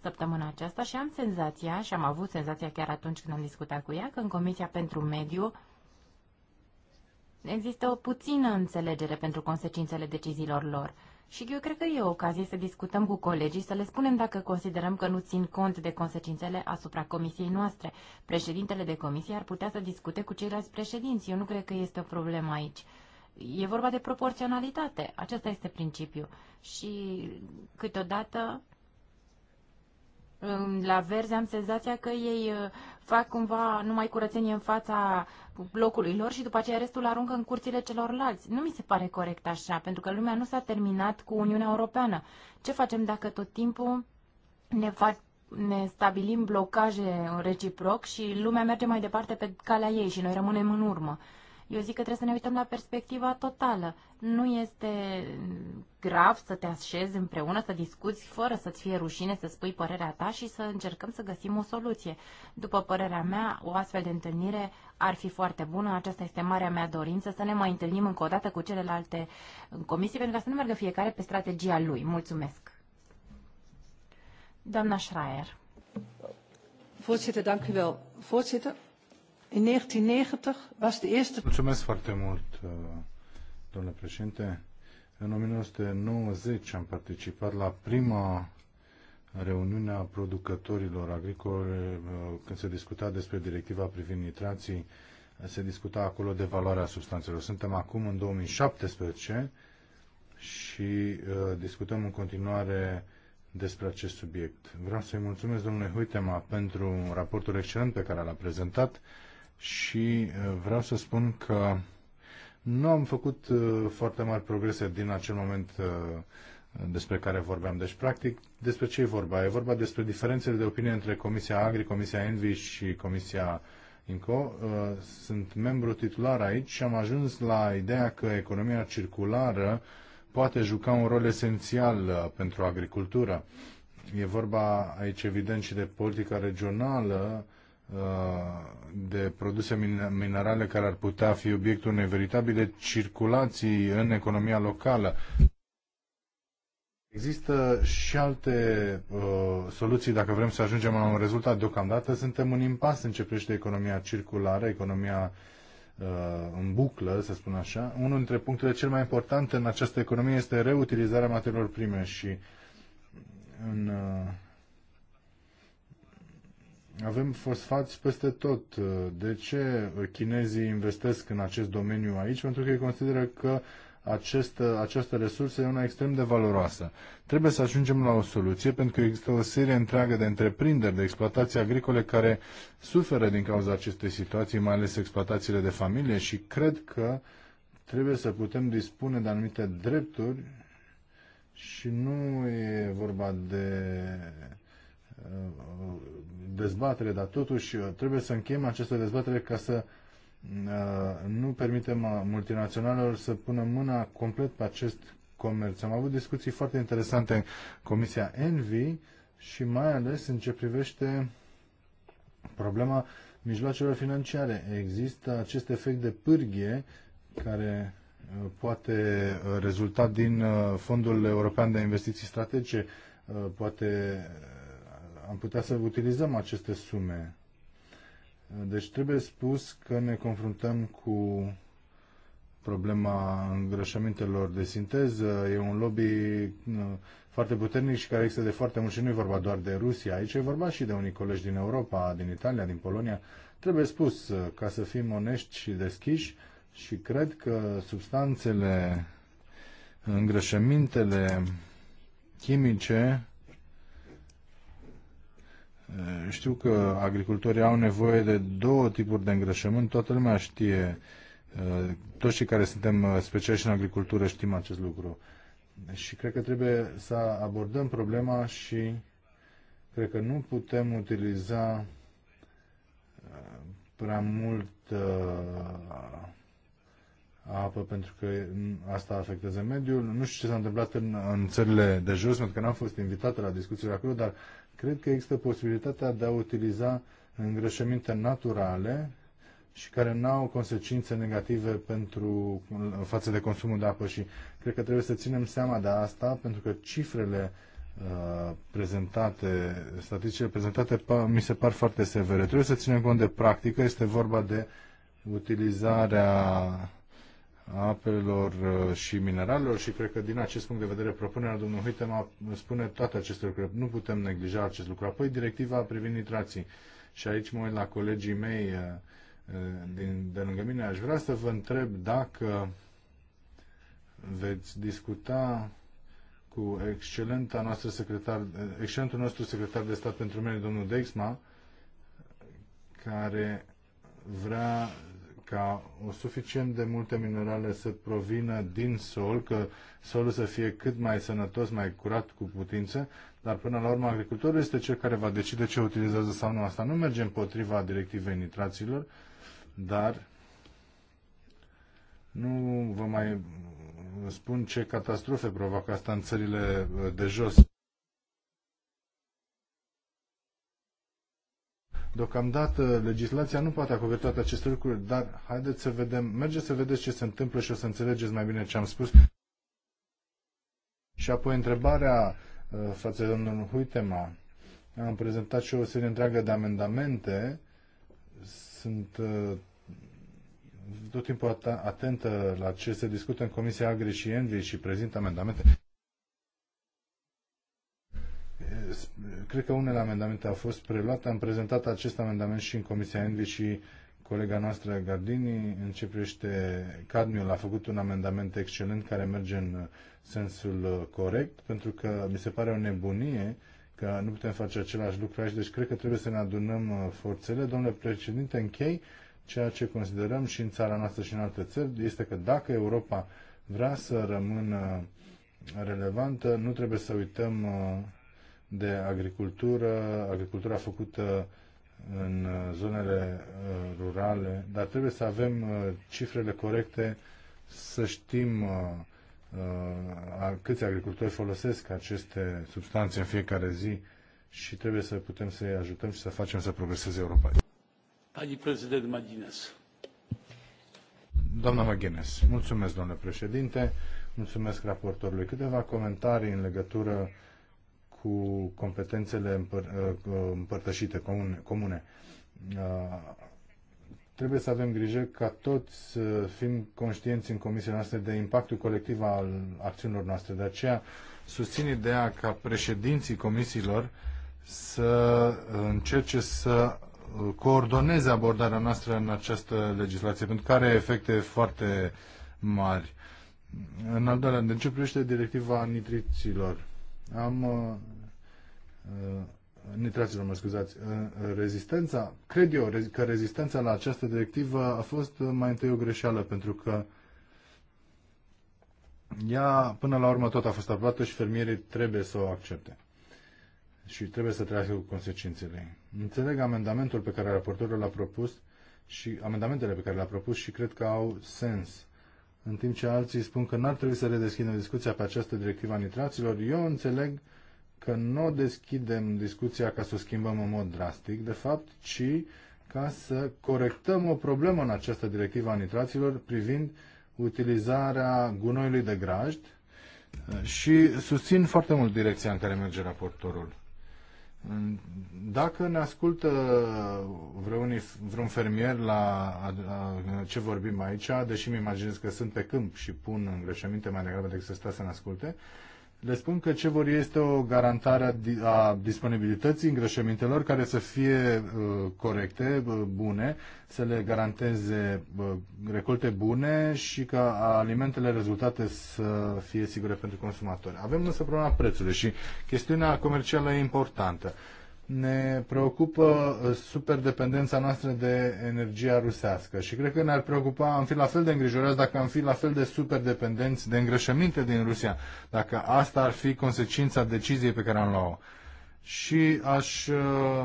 săptămâna aceasta și am senzația, și am avut senzația chiar atunci când am discutat cu ea, că în Comisia pentru Mediu există o puțină înțelegere pentru consecințele deciziilor lor. Și eu cred că e o ocazie să discutăm cu colegii, să le spunem dacă considerăm că nu țin cont de consecințele asupra comisiei noastre. Președintele de comisie ar putea să discute cu ceilalți președinți. Eu nu cred că este o problemă aici. E vorba de proporționalitate. Acesta este principiul. Și câteodată la verzi am senzația că ei uh, fac cumva numai curățenie în fața blocului lor și după aceea restul aruncă în curțile celorlalți. Nu mi se pare corect așa, pentru că lumea nu s-a terminat cu Uniunea Europeană. Ce facem dacă tot timpul ne, fac, ne stabilim blocaje reciproc și lumea merge mai departe pe calea ei și noi rămânem în urmă? Eu zic că trebuie să ne uităm la perspectiva totală. Nu este grav să te așezi împreună, să discuți fără să-ți fie rușine, să spui părerea ta și să încercăm să găsim o soluție. După părerea mea, o astfel de întâlnire ar fi foarte bună. Aceasta este marea mea dorință, să ne mai întâlnim încă o dată cu celelalte comisii, pentru ca să nu meargă fiecare pe strategia lui. Mulțumesc! Doamna Schreier. Voorzitter, dank u wel. Voorzitter, In 1990 was de Mulțumesc foarte mult, uh, domnule președinte. În 1990 am participat la prima reuniune a producătorilor agricole uh, când se discuta despre directiva privind nitrații, se discuta acolo de valoarea substanțelor. Suntem acum în 2017 și uh, discutăm în continuare despre acest subiect. Vreau să-i mulțumesc domnule Huitema pentru raportul excelent pe care l-a prezentat și uh, vreau să spun că nu am făcut uh, foarte mari progrese din acel moment uh, despre care vorbeam. Deci, practic, despre ce e vorba? E vorba despre diferențele de opinie între Comisia Agri, Comisia Envi și Comisia INCO. Sunt membru titular aici și am ajuns la ideea că economia circulară poate juca un rol esențial pentru agricultură. E vorba aici, evident, și de politica regională, Uh, de produse minerale care ar putea fi obiectul unei veritabile circulații în economia locală. Există și alte uh, soluții dacă vrem să ajungem la un rezultat. Deocamdată suntem în impas în ce privește economia circulară, economia uh, în buclă, să spun așa. Unul dintre punctele cel mai importante în această economie este reutilizarea materiilor prime și în uh, avem fosfați peste tot. De ce chinezii investesc în acest domeniu aici? Pentru că ei consideră că acest, această resursă e una extrem de valoroasă. Trebuie să ajungem la o soluție pentru că există o serie întreagă de întreprinderi de exploatații agricole care suferă din cauza acestei situații, mai ales exploatațiile de familie și cred că trebuie să putem dispune de anumite drepturi și nu e vorba de dezbatere, dar totuși uh, trebuie să încheiem această dezbatere ca să uh, nu permitem uh, multinaționalelor să pună mâna complet pe acest comerț. Am avut discuții foarte interesante în Comisia Envy și mai ales în ce privește problema mijloacelor financiare. Există acest efect de pârghie care poate rezulta din Fondul European de Investiții Strategice, poate am putea să utilizăm aceste sume. Deci trebuie spus că ne confruntăm cu problema îngrășămintelor de sinteză. E un lobby uh, foarte puternic și care există de foarte mult și nu e vorba doar de Rusia. Aici e vorba și de unii colegi din Europa, din Italia, din Polonia. Trebuie spus, uh, ca să fim onești și deschiși, și cred că substanțele, îngrășămintele chimice Eh, știu că agricultorii au nevoie de două tipuri de îngrășământ, toată lumea știe, eh, toți cei care suntem eh, specialiști în agricultură știm acest lucru. Și cred că trebuie să abordăm problema și cred că nu putem utiliza prea mult apă pentru că asta afectează mediul. Nu știu ce s-a întâmplat în, în țările de jos, pentru că n-am fost invitat la discuțiile acolo, dar Cred că există posibilitatea de a utiliza îngrășăminte naturale și care nu au consecințe negative pentru, față de consumul de apă și cred că trebuie să ținem seama de asta pentru că cifrele uh, prezentate, statisticile prezentate mi se par foarte severe. Trebuie să ținem cont de practică, este vorba de utilizarea apelor uh, și mineralelor și cred că din acest punct de vedere propunerea domnului Huitema spune toate aceste lucruri. Nu putem neglija acest lucru. Apoi directiva privind nitrații. Și aici mă uit la colegii mei uh, uh, din, de lângă mine. Aș vrea să vă întreb dacă veți discuta cu excelenta noastră secretar, excelentul nostru secretar de stat pentru mine, domnul Dexma, care vrea ca o suficient de multe minerale să provină din sol, că solul să fie cât mai sănătos, mai curat cu putință, dar până la urmă agricultorul este cel care va decide ce utilizează sau nu. Asta nu merge împotriva directivei nitraților, dar nu vă mai spun ce catastrofe provoacă asta în țările de jos. Deocamdată legislația nu poate acoperi toate aceste lucruri, dar haideți să vedem, mergeți să vedeți ce se întâmplă și o să înțelegeți mai bine ce am spus. Și apoi întrebarea uh, față de domnul Huitema. Am prezentat și o serie întreagă de amendamente. Sunt uh, tot timpul atentă la ce se discută în Comisia Agri și Envi și prezint amendamente cred că unele amendamente au fost preluate. Am prezentat acest amendament și în Comisia Envi și colega noastră Gardini în ce privește cadmiul a făcut un amendament excelent care merge în sensul corect, pentru că mi se pare o nebunie că nu putem face același lucru aici, deci cred că trebuie să ne adunăm uh, forțele. Domnule președinte, închei ceea ce considerăm și în țara noastră și în alte țări, este că dacă Europa vrea să rămână relevantă, nu trebuie să uităm uh, de agricultură, agricultura făcută în zonele uh, rurale, dar trebuie să avem uh, cifrele corecte, să știm uh, câți agricultori folosesc aceste substanțe în fiecare zi și trebuie să putem să-i ajutăm și să facem să progreseze Europa. Pani președinte Madines. Doamna Maghines, mulțumesc, domnule președinte, mulțumesc raportorului. Câteva comentarii în legătură cu competențele împăr uh, împărtășite, comune. Uh, trebuie să avem grijă ca toți să fim conștienți în comisia noastră de impactul colectiv al acțiunilor noastre. De aceea susțin ideea ca președinții comisiilor să încerce să uh, coordoneze abordarea noastră în această legislație, pentru că are efecte foarte mari. În al doilea, de ce privește directiva nitriților? am uh, uh, nitraților, mă scuzați, uh, rezistența, cred eu că rezistența la această directivă a fost mai întâi o greșeală, pentru că ea până la urmă tot a fost aprobată și fermierii trebuie să o accepte și trebuie să trăiască cu consecințele. Înțeleg amendamentul pe care raportorul l-a propus și amendamentele pe care le-a propus și cred că au sens în timp ce alții spun că n-ar trebui să redeschidem discuția pe această directivă a nitraților, eu înțeleg că nu deschidem discuția ca să o schimbăm în mod drastic, de fapt, ci ca să corectăm o problemă în această directivă a nitraților privind utilizarea gunoiului de grajd uh, și susțin foarte mult direcția în care merge raportorul. Dacă ne ascultă vreun vreun fermier la ce vorbim aici, deși îmi imaginez că sunt pe câmp și pun îngrășăminte mai degrabă decât să stea să ne asculte, le spun că ce vor este o garantare a disponibilității îngrășămintelor care să fie uh, corecte, uh, bune, să le garanteze uh, recolte bune și ca alimentele rezultate să fie sigure pentru consumatori. Avem însă problema prețului și chestiunea comercială e importantă ne preocupă uh, superdependența noastră de energia rusească și cred că ne-ar preocupa, am fi la fel de îngrijorați dacă am fi la fel de superdependenți de îngrășăminte din Rusia, dacă asta ar fi consecința deciziei pe care am luat-o. Și aș uh,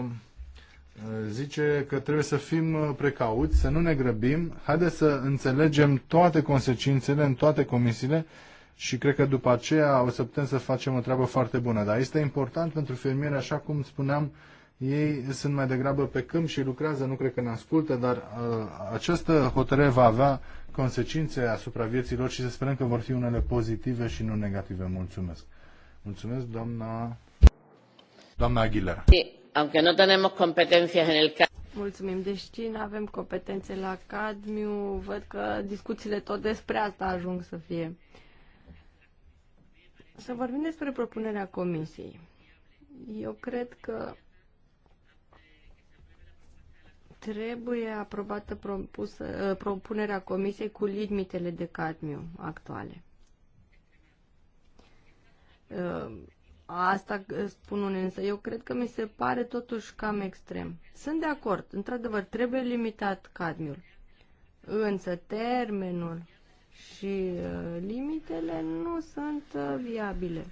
zice că trebuie să fim uh, precauți, să nu ne grăbim, haideți să înțelegem toate consecințele în toate comisiile și cred că după aceea o să putem să facem o treabă foarte bună. Dar este important pentru fermieri, așa cum spuneam, ei sunt mai degrabă pe câmp și lucrează, nu cred că ne ascultă, dar uh, această hotărâre va avea consecințe asupra vieții lor și să sperăm că vor fi unele pozitive și nu negative. Mulțumesc. Mulțumesc, doamna, doamna Aguilera. Aunque no tenemos competencias en el Mulțumim. Deși deci, nu avem competențe la cadmiu, văd că discuțiile tot despre asta ajung să fie. Să vorbim despre propunerea comisiei. Eu cred că trebuie aprobată propusă, ă, propunerea comisiei cu limitele de cadmiu actuale. Ă, asta spun unii, însă eu cred că mi se pare totuși cam extrem. Sunt de acord, într-adevăr, trebuie limitat cadmiul. Însă termenul și uh, limitele nu sunt uh, viabile.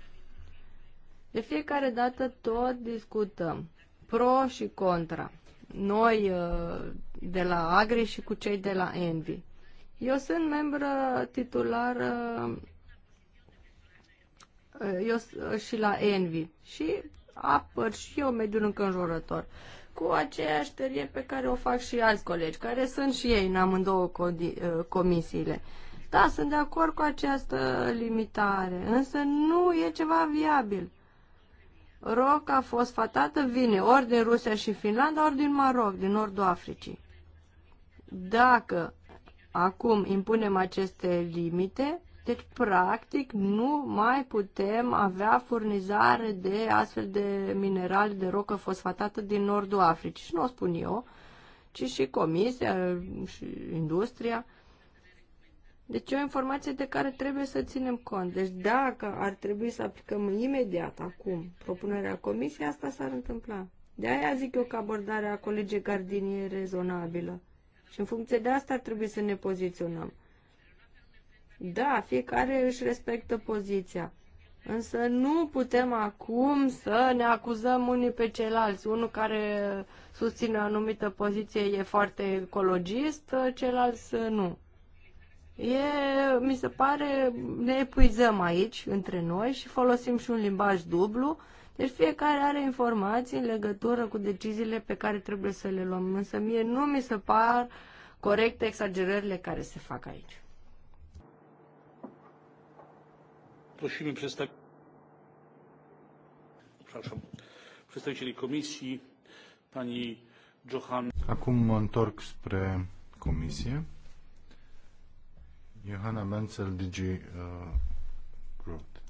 De fiecare dată tot discutăm pro și contra. Noi uh, de la Agri și cu cei de la Envi. Eu sunt membră titulară eu, și la Envy și apăr și eu mediul înconjurător cu aceeași tărie pe care o fac și alți colegi, care sunt și ei în amândouă comisiile. Da, sunt de acord cu această limitare, însă nu e ceva viabil. Roc a fost fatată, vine ori din Rusia și Finlanda, ori din Maroc, din Nordul Africii. Dacă acum impunem aceste limite, deci practic nu mai putem avea furnizare de astfel de minerale de rocă fosfatată din Nordul Africii. Și nu o spun eu, ci și comisia și industria. Deci e o informație de care trebuie să ținem cont. Deci dacă ar trebui să aplicăm imediat acum propunerea comisiei, asta s-ar întâmpla. De aia zic eu că abordarea colegii Gardini e rezonabilă. Și în funcție de asta ar trebui să ne poziționăm. Da, fiecare își respectă poziția. Însă nu putem acum să ne acuzăm unii pe ceilalți. Unul care susține o anumită poziție e foarte ecologist, celălalt nu. E, mi se pare, ne epuizăm aici între noi și folosim și un limbaj dublu. Deci fiecare are informații în legătură cu deciziile pe care trebuie să le luăm. Însă mie nu mi se par corecte exagerările care se fac aici. Prosimy przedstawicieli komisji, pani Johan. Acum mă întorc spre comisie. Johanna Menzel, DG uh, Growth.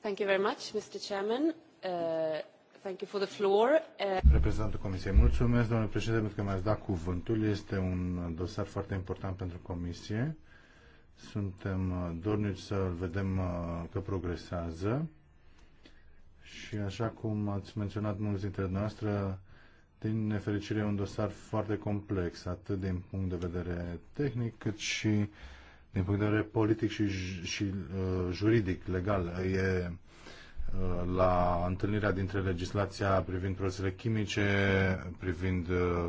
Thank you very much, Mr. Chairman. Uh, thank you for the floor. Uh... Reprezentantul Comisiei, mulțumesc, domnule președinte, pentru că mi-ați dat cuvântul. Este un dosar foarte important pentru Comisie. Suntem uh, dornici să vedem uh, că progresează. Și așa cum ați menționat mulți dintre noastre, din nefericire, e un dosar foarte complex, atât din punct de vedere tehnic, cât și din punct de vedere politic și, și uh, juridic, legal. E uh, la întâlnirea dintre legislația privind produsele chimice, privind uh,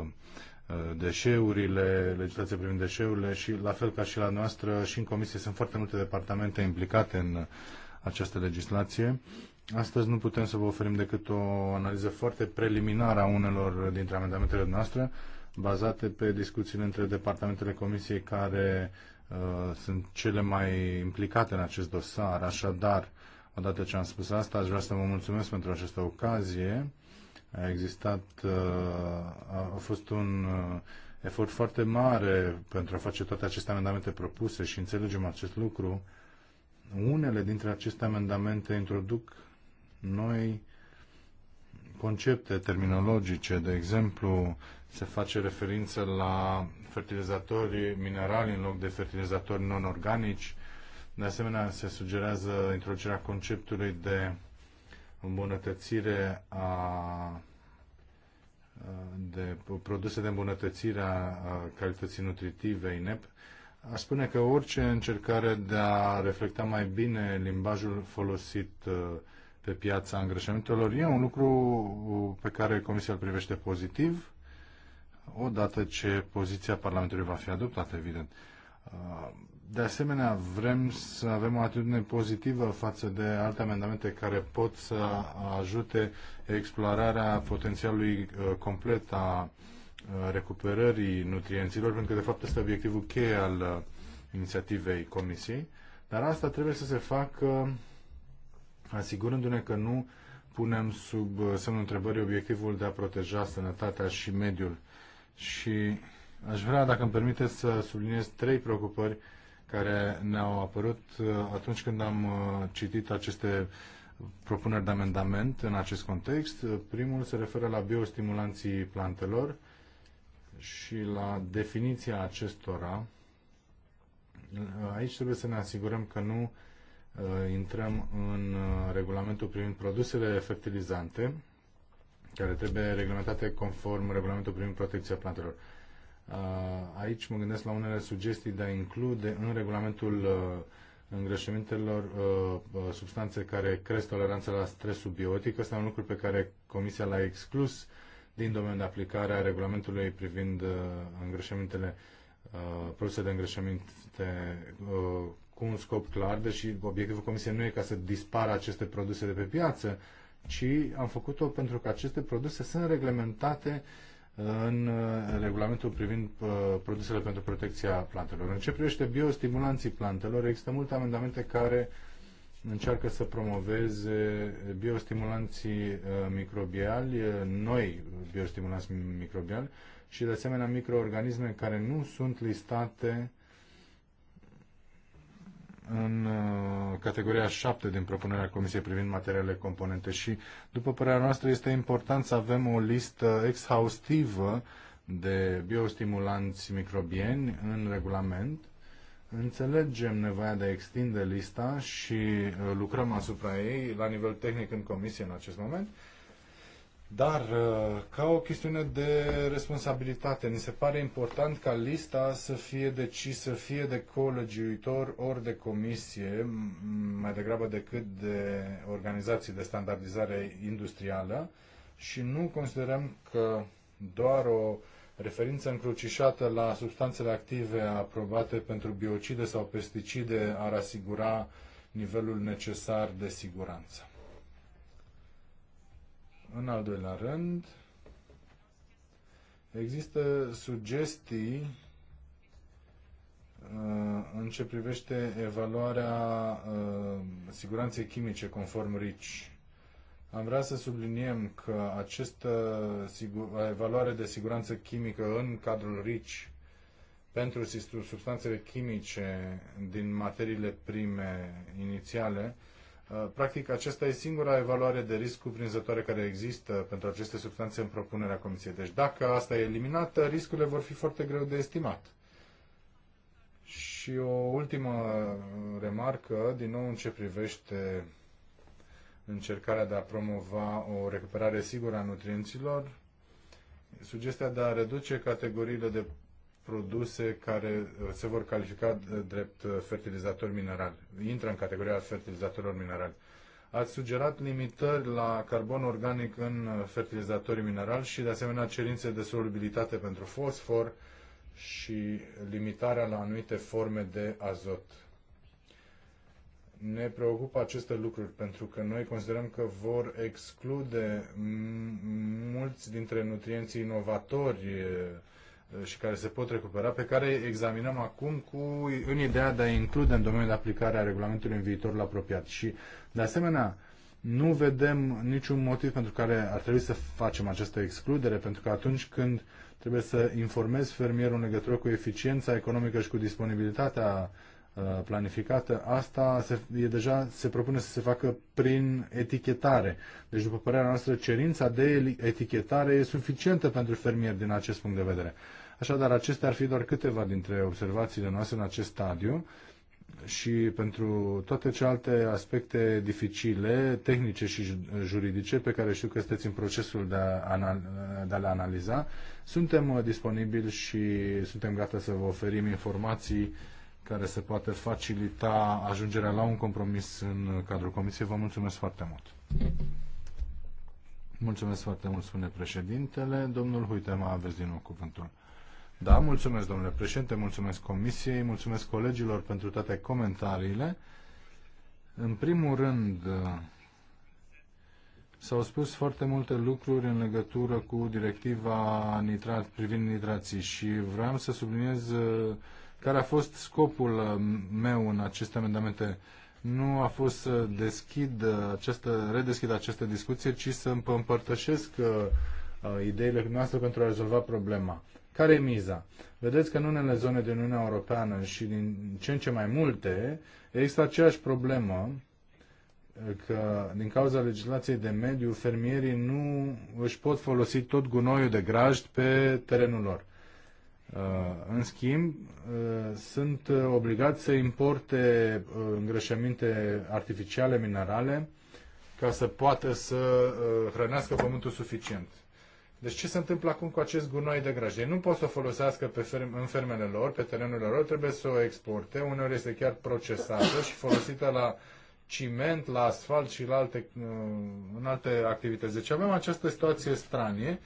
uh, deșeurile, legislația privind deșeurile și la fel ca și la noastră și în comisie sunt foarte multe departamente implicate în această legislație Astăzi nu putem să vă oferim decât o analiză foarte preliminară a unelor dintre amendamentele noastre, bazate pe discuțiile între departamentele comisiei care uh, sunt cele mai implicate în acest dosar. Așadar, odată ce am spus asta, aș vrea să vă mulțumesc pentru această ocazie. A existat, uh, a fost un uh, efort foarte mare pentru a face toate aceste amendamente propuse și înțelegem acest lucru. Unele dintre aceste amendamente introduc noi concepte terminologice, de exemplu, se face referință la fertilizatori minerali în loc de fertilizatori non-organici. De asemenea, se sugerează introducerea conceptului de îmbunătățire a de produse de îmbunătățire a calității nutritive INEP. a spune că orice încercare de a reflecta mai bine limbajul folosit uh, pe piața îngrășămintelor. E un lucru pe care Comisia îl privește pozitiv, odată ce poziția Parlamentului va fi adoptată, evident. Uh, de asemenea, vrem să avem o atitudine pozitivă față de alte amendamente care pot să ajute explorarea potențialului uh, complet a uh, recuperării nutrienților, pentru că, de fapt, este obiectivul cheie al inițiativei Comisiei. Dar asta trebuie să se facă asigurându-ne că nu punem sub uh, semnul întrebării obiectivul de a proteja sănătatea și mediul. Și aș vrea, dacă îmi permite, să subliniez trei preocupări care ne-au apărut uh, atunci când am uh, citit aceste propuneri de amendament în acest context. Primul se referă la biostimulanții plantelor și la definiția acestora. Aici trebuie să ne asigurăm că nu Uh, intrăm în uh, regulamentul privind produsele fertilizante, care trebuie reglementate conform regulamentul privind protecția plantelor. Uh, aici mă gândesc la unele sugestii de a include în regulamentul îngrășămintelor substanțe care cresc toleranța la stresul biotic. asta e un lucru pe care Comisia l-a exclus din domeniul de aplicare a regulamentului privind îngrășămintele, produse de îngrășăminte cu un scop clar, deși obiectivul Comisiei nu e ca să dispară aceste produse de pe piață, ci am făcut-o pentru că aceste produse sunt reglementate uh, în uh, regulamentul privind uh, produsele pentru protecția plantelor. În ce privește biostimulanții plantelor, există multe amendamente care încearcă să promoveze biostimulanții microbiali, noi biostimulanți microbiali și de asemenea microorganisme care nu sunt listate în uh, categoria 7 din propunerea Comisiei privind materialele componente și, după părerea noastră, este important să avem o listă exhaustivă de biostimulanți microbieni în regulament. Înțelegem nevoia de a extinde lista și uh, lucrăm asupra ei la nivel tehnic în comisie în acest moment dar, uh, ca o chestiune de responsabilitate, ni se pare important ca lista să fie decisă fie de colegiuitor ori de comisie, mai degrabă decât de organizații de standardizare industrială și nu considerăm că doar o referință încrucișată la substanțele active aprobate pentru biocide sau pesticide ar asigura nivelul necesar de siguranță. În al doilea rând, există sugestii uh, în ce privește evaluarea uh, siguranței chimice conform RICI. Am vrea să subliniem că această evaluare de siguranță chimică în cadrul RICI pentru substanțele chimice din materiile prime inițiale Uh, practic, aceasta e singura evaluare de risc cuprinzătoare care există pentru aceste substanțe în propunerea Comisiei. Deci dacă asta e eliminată, riscurile vor fi foarte greu de estimat. Și o ultimă remarcă, din nou în ce privește încercarea de a promova o recuperare sigură a nutrienților, sugestia de a reduce categoriile de produse care uh, se vor califica drept uh, fertilizatori minerali. Intră în categoria fertilizatorilor minerali. Ați sugerat limitări la carbon organic în uh, fertilizatorii minerali și, de asemenea, cerințe de solubilitate pentru fosfor și limitarea la anumite forme de azot. Ne preocupă aceste lucruri pentru că noi considerăm că vor exclude mulți dintre nutrienții inovatori și care se pot recupera, pe care examinăm acum cu, în ideea de a include în domeniul de aplicare a regulamentului în viitorul apropiat. Și, de asemenea, nu vedem niciun motiv pentru care ar trebui să facem această excludere, pentru că atunci când trebuie să informezi fermierul în legătură cu eficiența economică și cu disponibilitatea Uh, planificată, asta se, e deja se propune să se facă prin etichetare. Deci, după părerea noastră, cerința de etichetare e suficientă pentru fermier din acest punct de vedere. Așadar, acestea ar fi doar câteva dintre observațiile noastre în acest stadiu și pentru toate celelalte aspecte dificile, tehnice și juridice, pe care știu că sunteți în procesul de a, anal- de a le analiza, suntem uh, disponibili și suntem gata să vă oferim informații care se poate facilita ajungerea la un compromis în cadrul Comisiei. Vă mulțumesc foarte mult. Mulțumesc foarte mult, spune președintele. Domnul Huitema, aveți din nou cuvântul. Da, mulțumesc, domnule președinte, mulțumesc comisiei, mulțumesc colegilor pentru toate comentariile. În primul rând, s-au spus foarte multe lucruri în legătură cu directiva nitrat, privind nitrații și vreau să subliniez care a fost scopul uh, meu în aceste amendamente. Nu a fost să deschid uh, această, redeschid această discuție, ci să împărtășesc uh, ideile noastre pentru a rezolva problema. Care e miza? Vedeți că în unele zone din Uniunea Europeană și din ce în ce mai multe există aceeași problemă că din cauza legislației de mediu fermierii nu își pot folosi tot gunoiul de grajd pe terenul lor. Uh, în schimb, uh, sunt obligați să importe uh, îngrășăminte artificiale, minerale, ca să poată să hrănească pământul suficient. Deci ce se întâmplă acum cu acest gunoi de graj? Ei nu pot să o folosească pe ferm, în fermele lor, pe terenul lor, trebuie să o exporte. Uneori este chiar procesată și folosită la ciment, la asfalt și la alte, în alte activități. Deci avem această situație stranie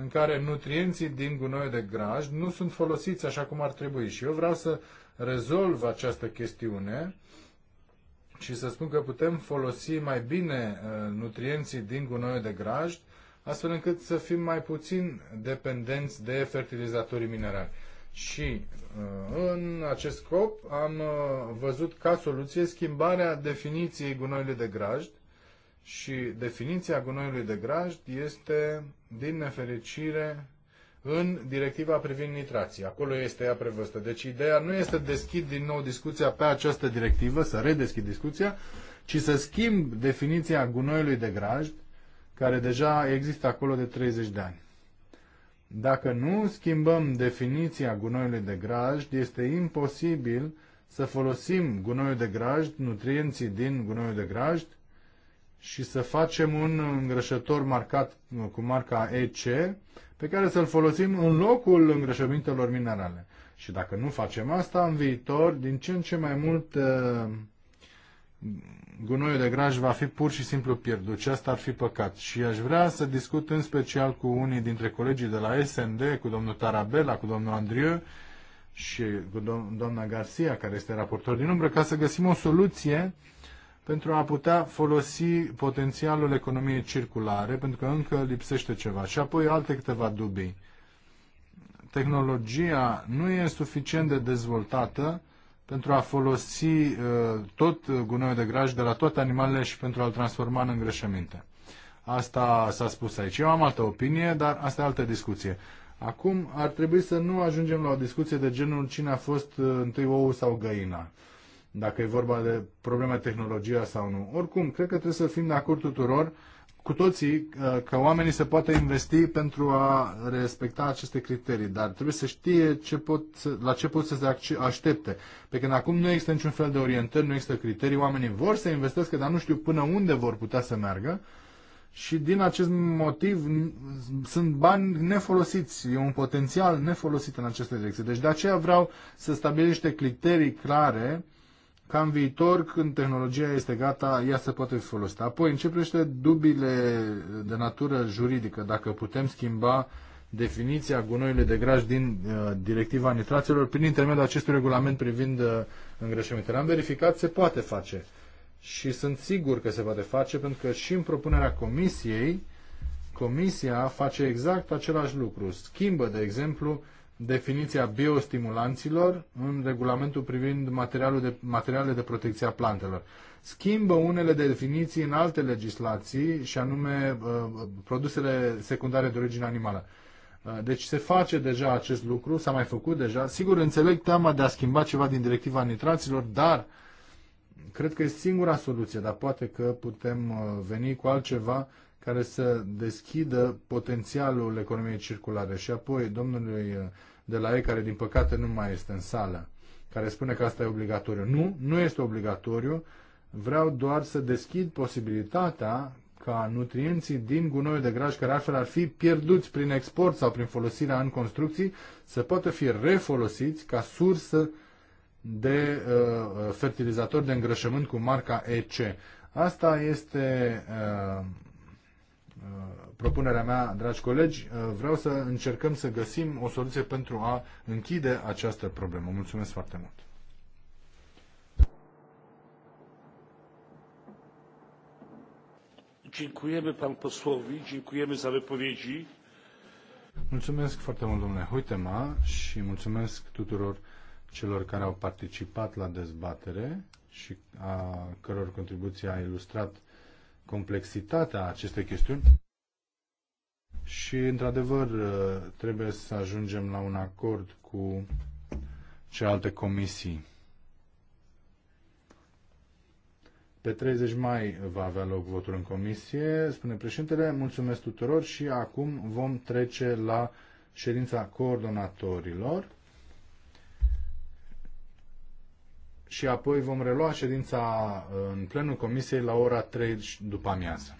în care nutrienții din gunoi de graj nu sunt folosiți așa cum ar trebui. Și eu vreau să rezolv această chestiune și să spun că putem folosi mai bine uh, nutrienții din gunoi de graj, astfel încât să fim mai puțin dependenți de fertilizatorii minerali. Și uh, în acest scop am uh, văzut ca soluție schimbarea definiției gunoiului de grajd și definiția gunoiului de grajd este, din nefericire, în directiva privind nitrații. Acolo este ea prevăzută. Deci ideea nu este deschid din nou discuția pe această directivă, să redeschid discuția, ci să schimb definiția gunoiului de grajd, care deja există acolo de 30 de ani. Dacă nu schimbăm definiția gunoiului de grajd, este imposibil să folosim gunoiul de grajd, nutrienții din gunoiul de grajd, și să facem un îngrășător marcat cu marca EC pe care să-l folosim în locul îngrășămintelor minerale. Și dacă nu facem asta, în viitor, din ce în ce mai mult uh, gunoiul de graj va fi pur și simplu pierdut și asta ar fi păcat. Și aș vrea să discut în special cu unii dintre colegii de la SND, cu domnul Tarabella, cu domnul Andriu și cu doamna Garcia, care este raportor din umbră, ca să găsim o soluție uh, pentru a putea folosi potențialul economiei circulare, pentru că încă lipsește ceva. Și apoi alte câteva dubii. Tehnologia nu e suficient de dezvoltată pentru a folosi uh, tot gunoiul de graj de la toate animalele și pentru a-l transforma în îngrășăminte. Asta s-a spus aici. Eu am altă opinie, dar asta e altă discuție. Acum ar trebui să nu ajungem la o discuție de genul cine a fost uh, întâi ou sau găina dacă e vorba de problema tehnologia sau nu. Oricum, cred că trebuie să fim de acord tuturor, cu toții, uh, că oamenii se poate investi pentru a respecta aceste criterii, dar trebuie să știe ce pot, la ce pot să se aștepte. Pe când acum nu există niciun fel de orientări, nu există criterii, oamenii vor să investească, dar nu știu până unde vor putea să meargă. Și din acest motiv sunt bani nefolosiți, e un potențial nefolosit în aceste direcții. Deci de aceea vreau să stabilește niște criterii clare ca în viitor, când tehnologia este gata, ea se poate fi folosită. Apoi, începește dubile de natură juridică, dacă putem schimba definiția gunoiului de graj din uh, directiva nitraților prin intermediul acestui regulament privind uh, îngrășămintele. Am verificat, se poate face. Și sunt sigur că se poate face, pentru că și în propunerea comisiei, comisia face exact același lucru. Schimbă, de exemplu, uh, definiția biostimulanților în regulamentul privind materialul de, materialele de protecție a plantelor. Schimbă unele de definiții în alte legislații, și anume uh, produsele secundare de origine animală. Uh, deci se face deja acest lucru, s-a mai făcut deja. Sigur, înțeleg teama de a schimba ceva din directiva nitraților, dar cred că e singura soluție, dar poate că putem uh, veni cu altceva care să deschidă potențialul economiei circulare. Și apoi, domnului uh, de la ei, care din păcate nu mai este în sală, care spune că asta e obligatoriu. Nu, nu este obligatoriu. Vreau doar să deschid posibilitatea ca nutrienții din gunoiul de graj, care altfel ar fi pierduți prin export sau prin folosirea în construcții, să poată fi refolosiți ca sursă de uh, uh fertilizator de îngrășământ cu marca EC. Asta este uh, uh, propunerea mea, dragi colegi, uh, vreau să încercăm să găsim o soluție pentru a închide această problemă. Mulțumesc foarte mult! Dziękujemy pan posłowi, dziękujemy za wypowiedzi. Mulțumesc foarte mult, domnule Huitema, și mulțumesc tuturor celor care au participat la dezbatere și a căror contribuție a ilustrat complexitatea acestei chestiuni și, într-adevăr, trebuie să ajungem la un acord cu celelalte comisii. Pe 30 mai va avea loc votul în comisie, spune președintele. Mulțumesc tuturor și acum vom trece la ședința coordonatorilor. Și apoi vom relua ședința uh, în plenul comisiei la ora 3 după amiază.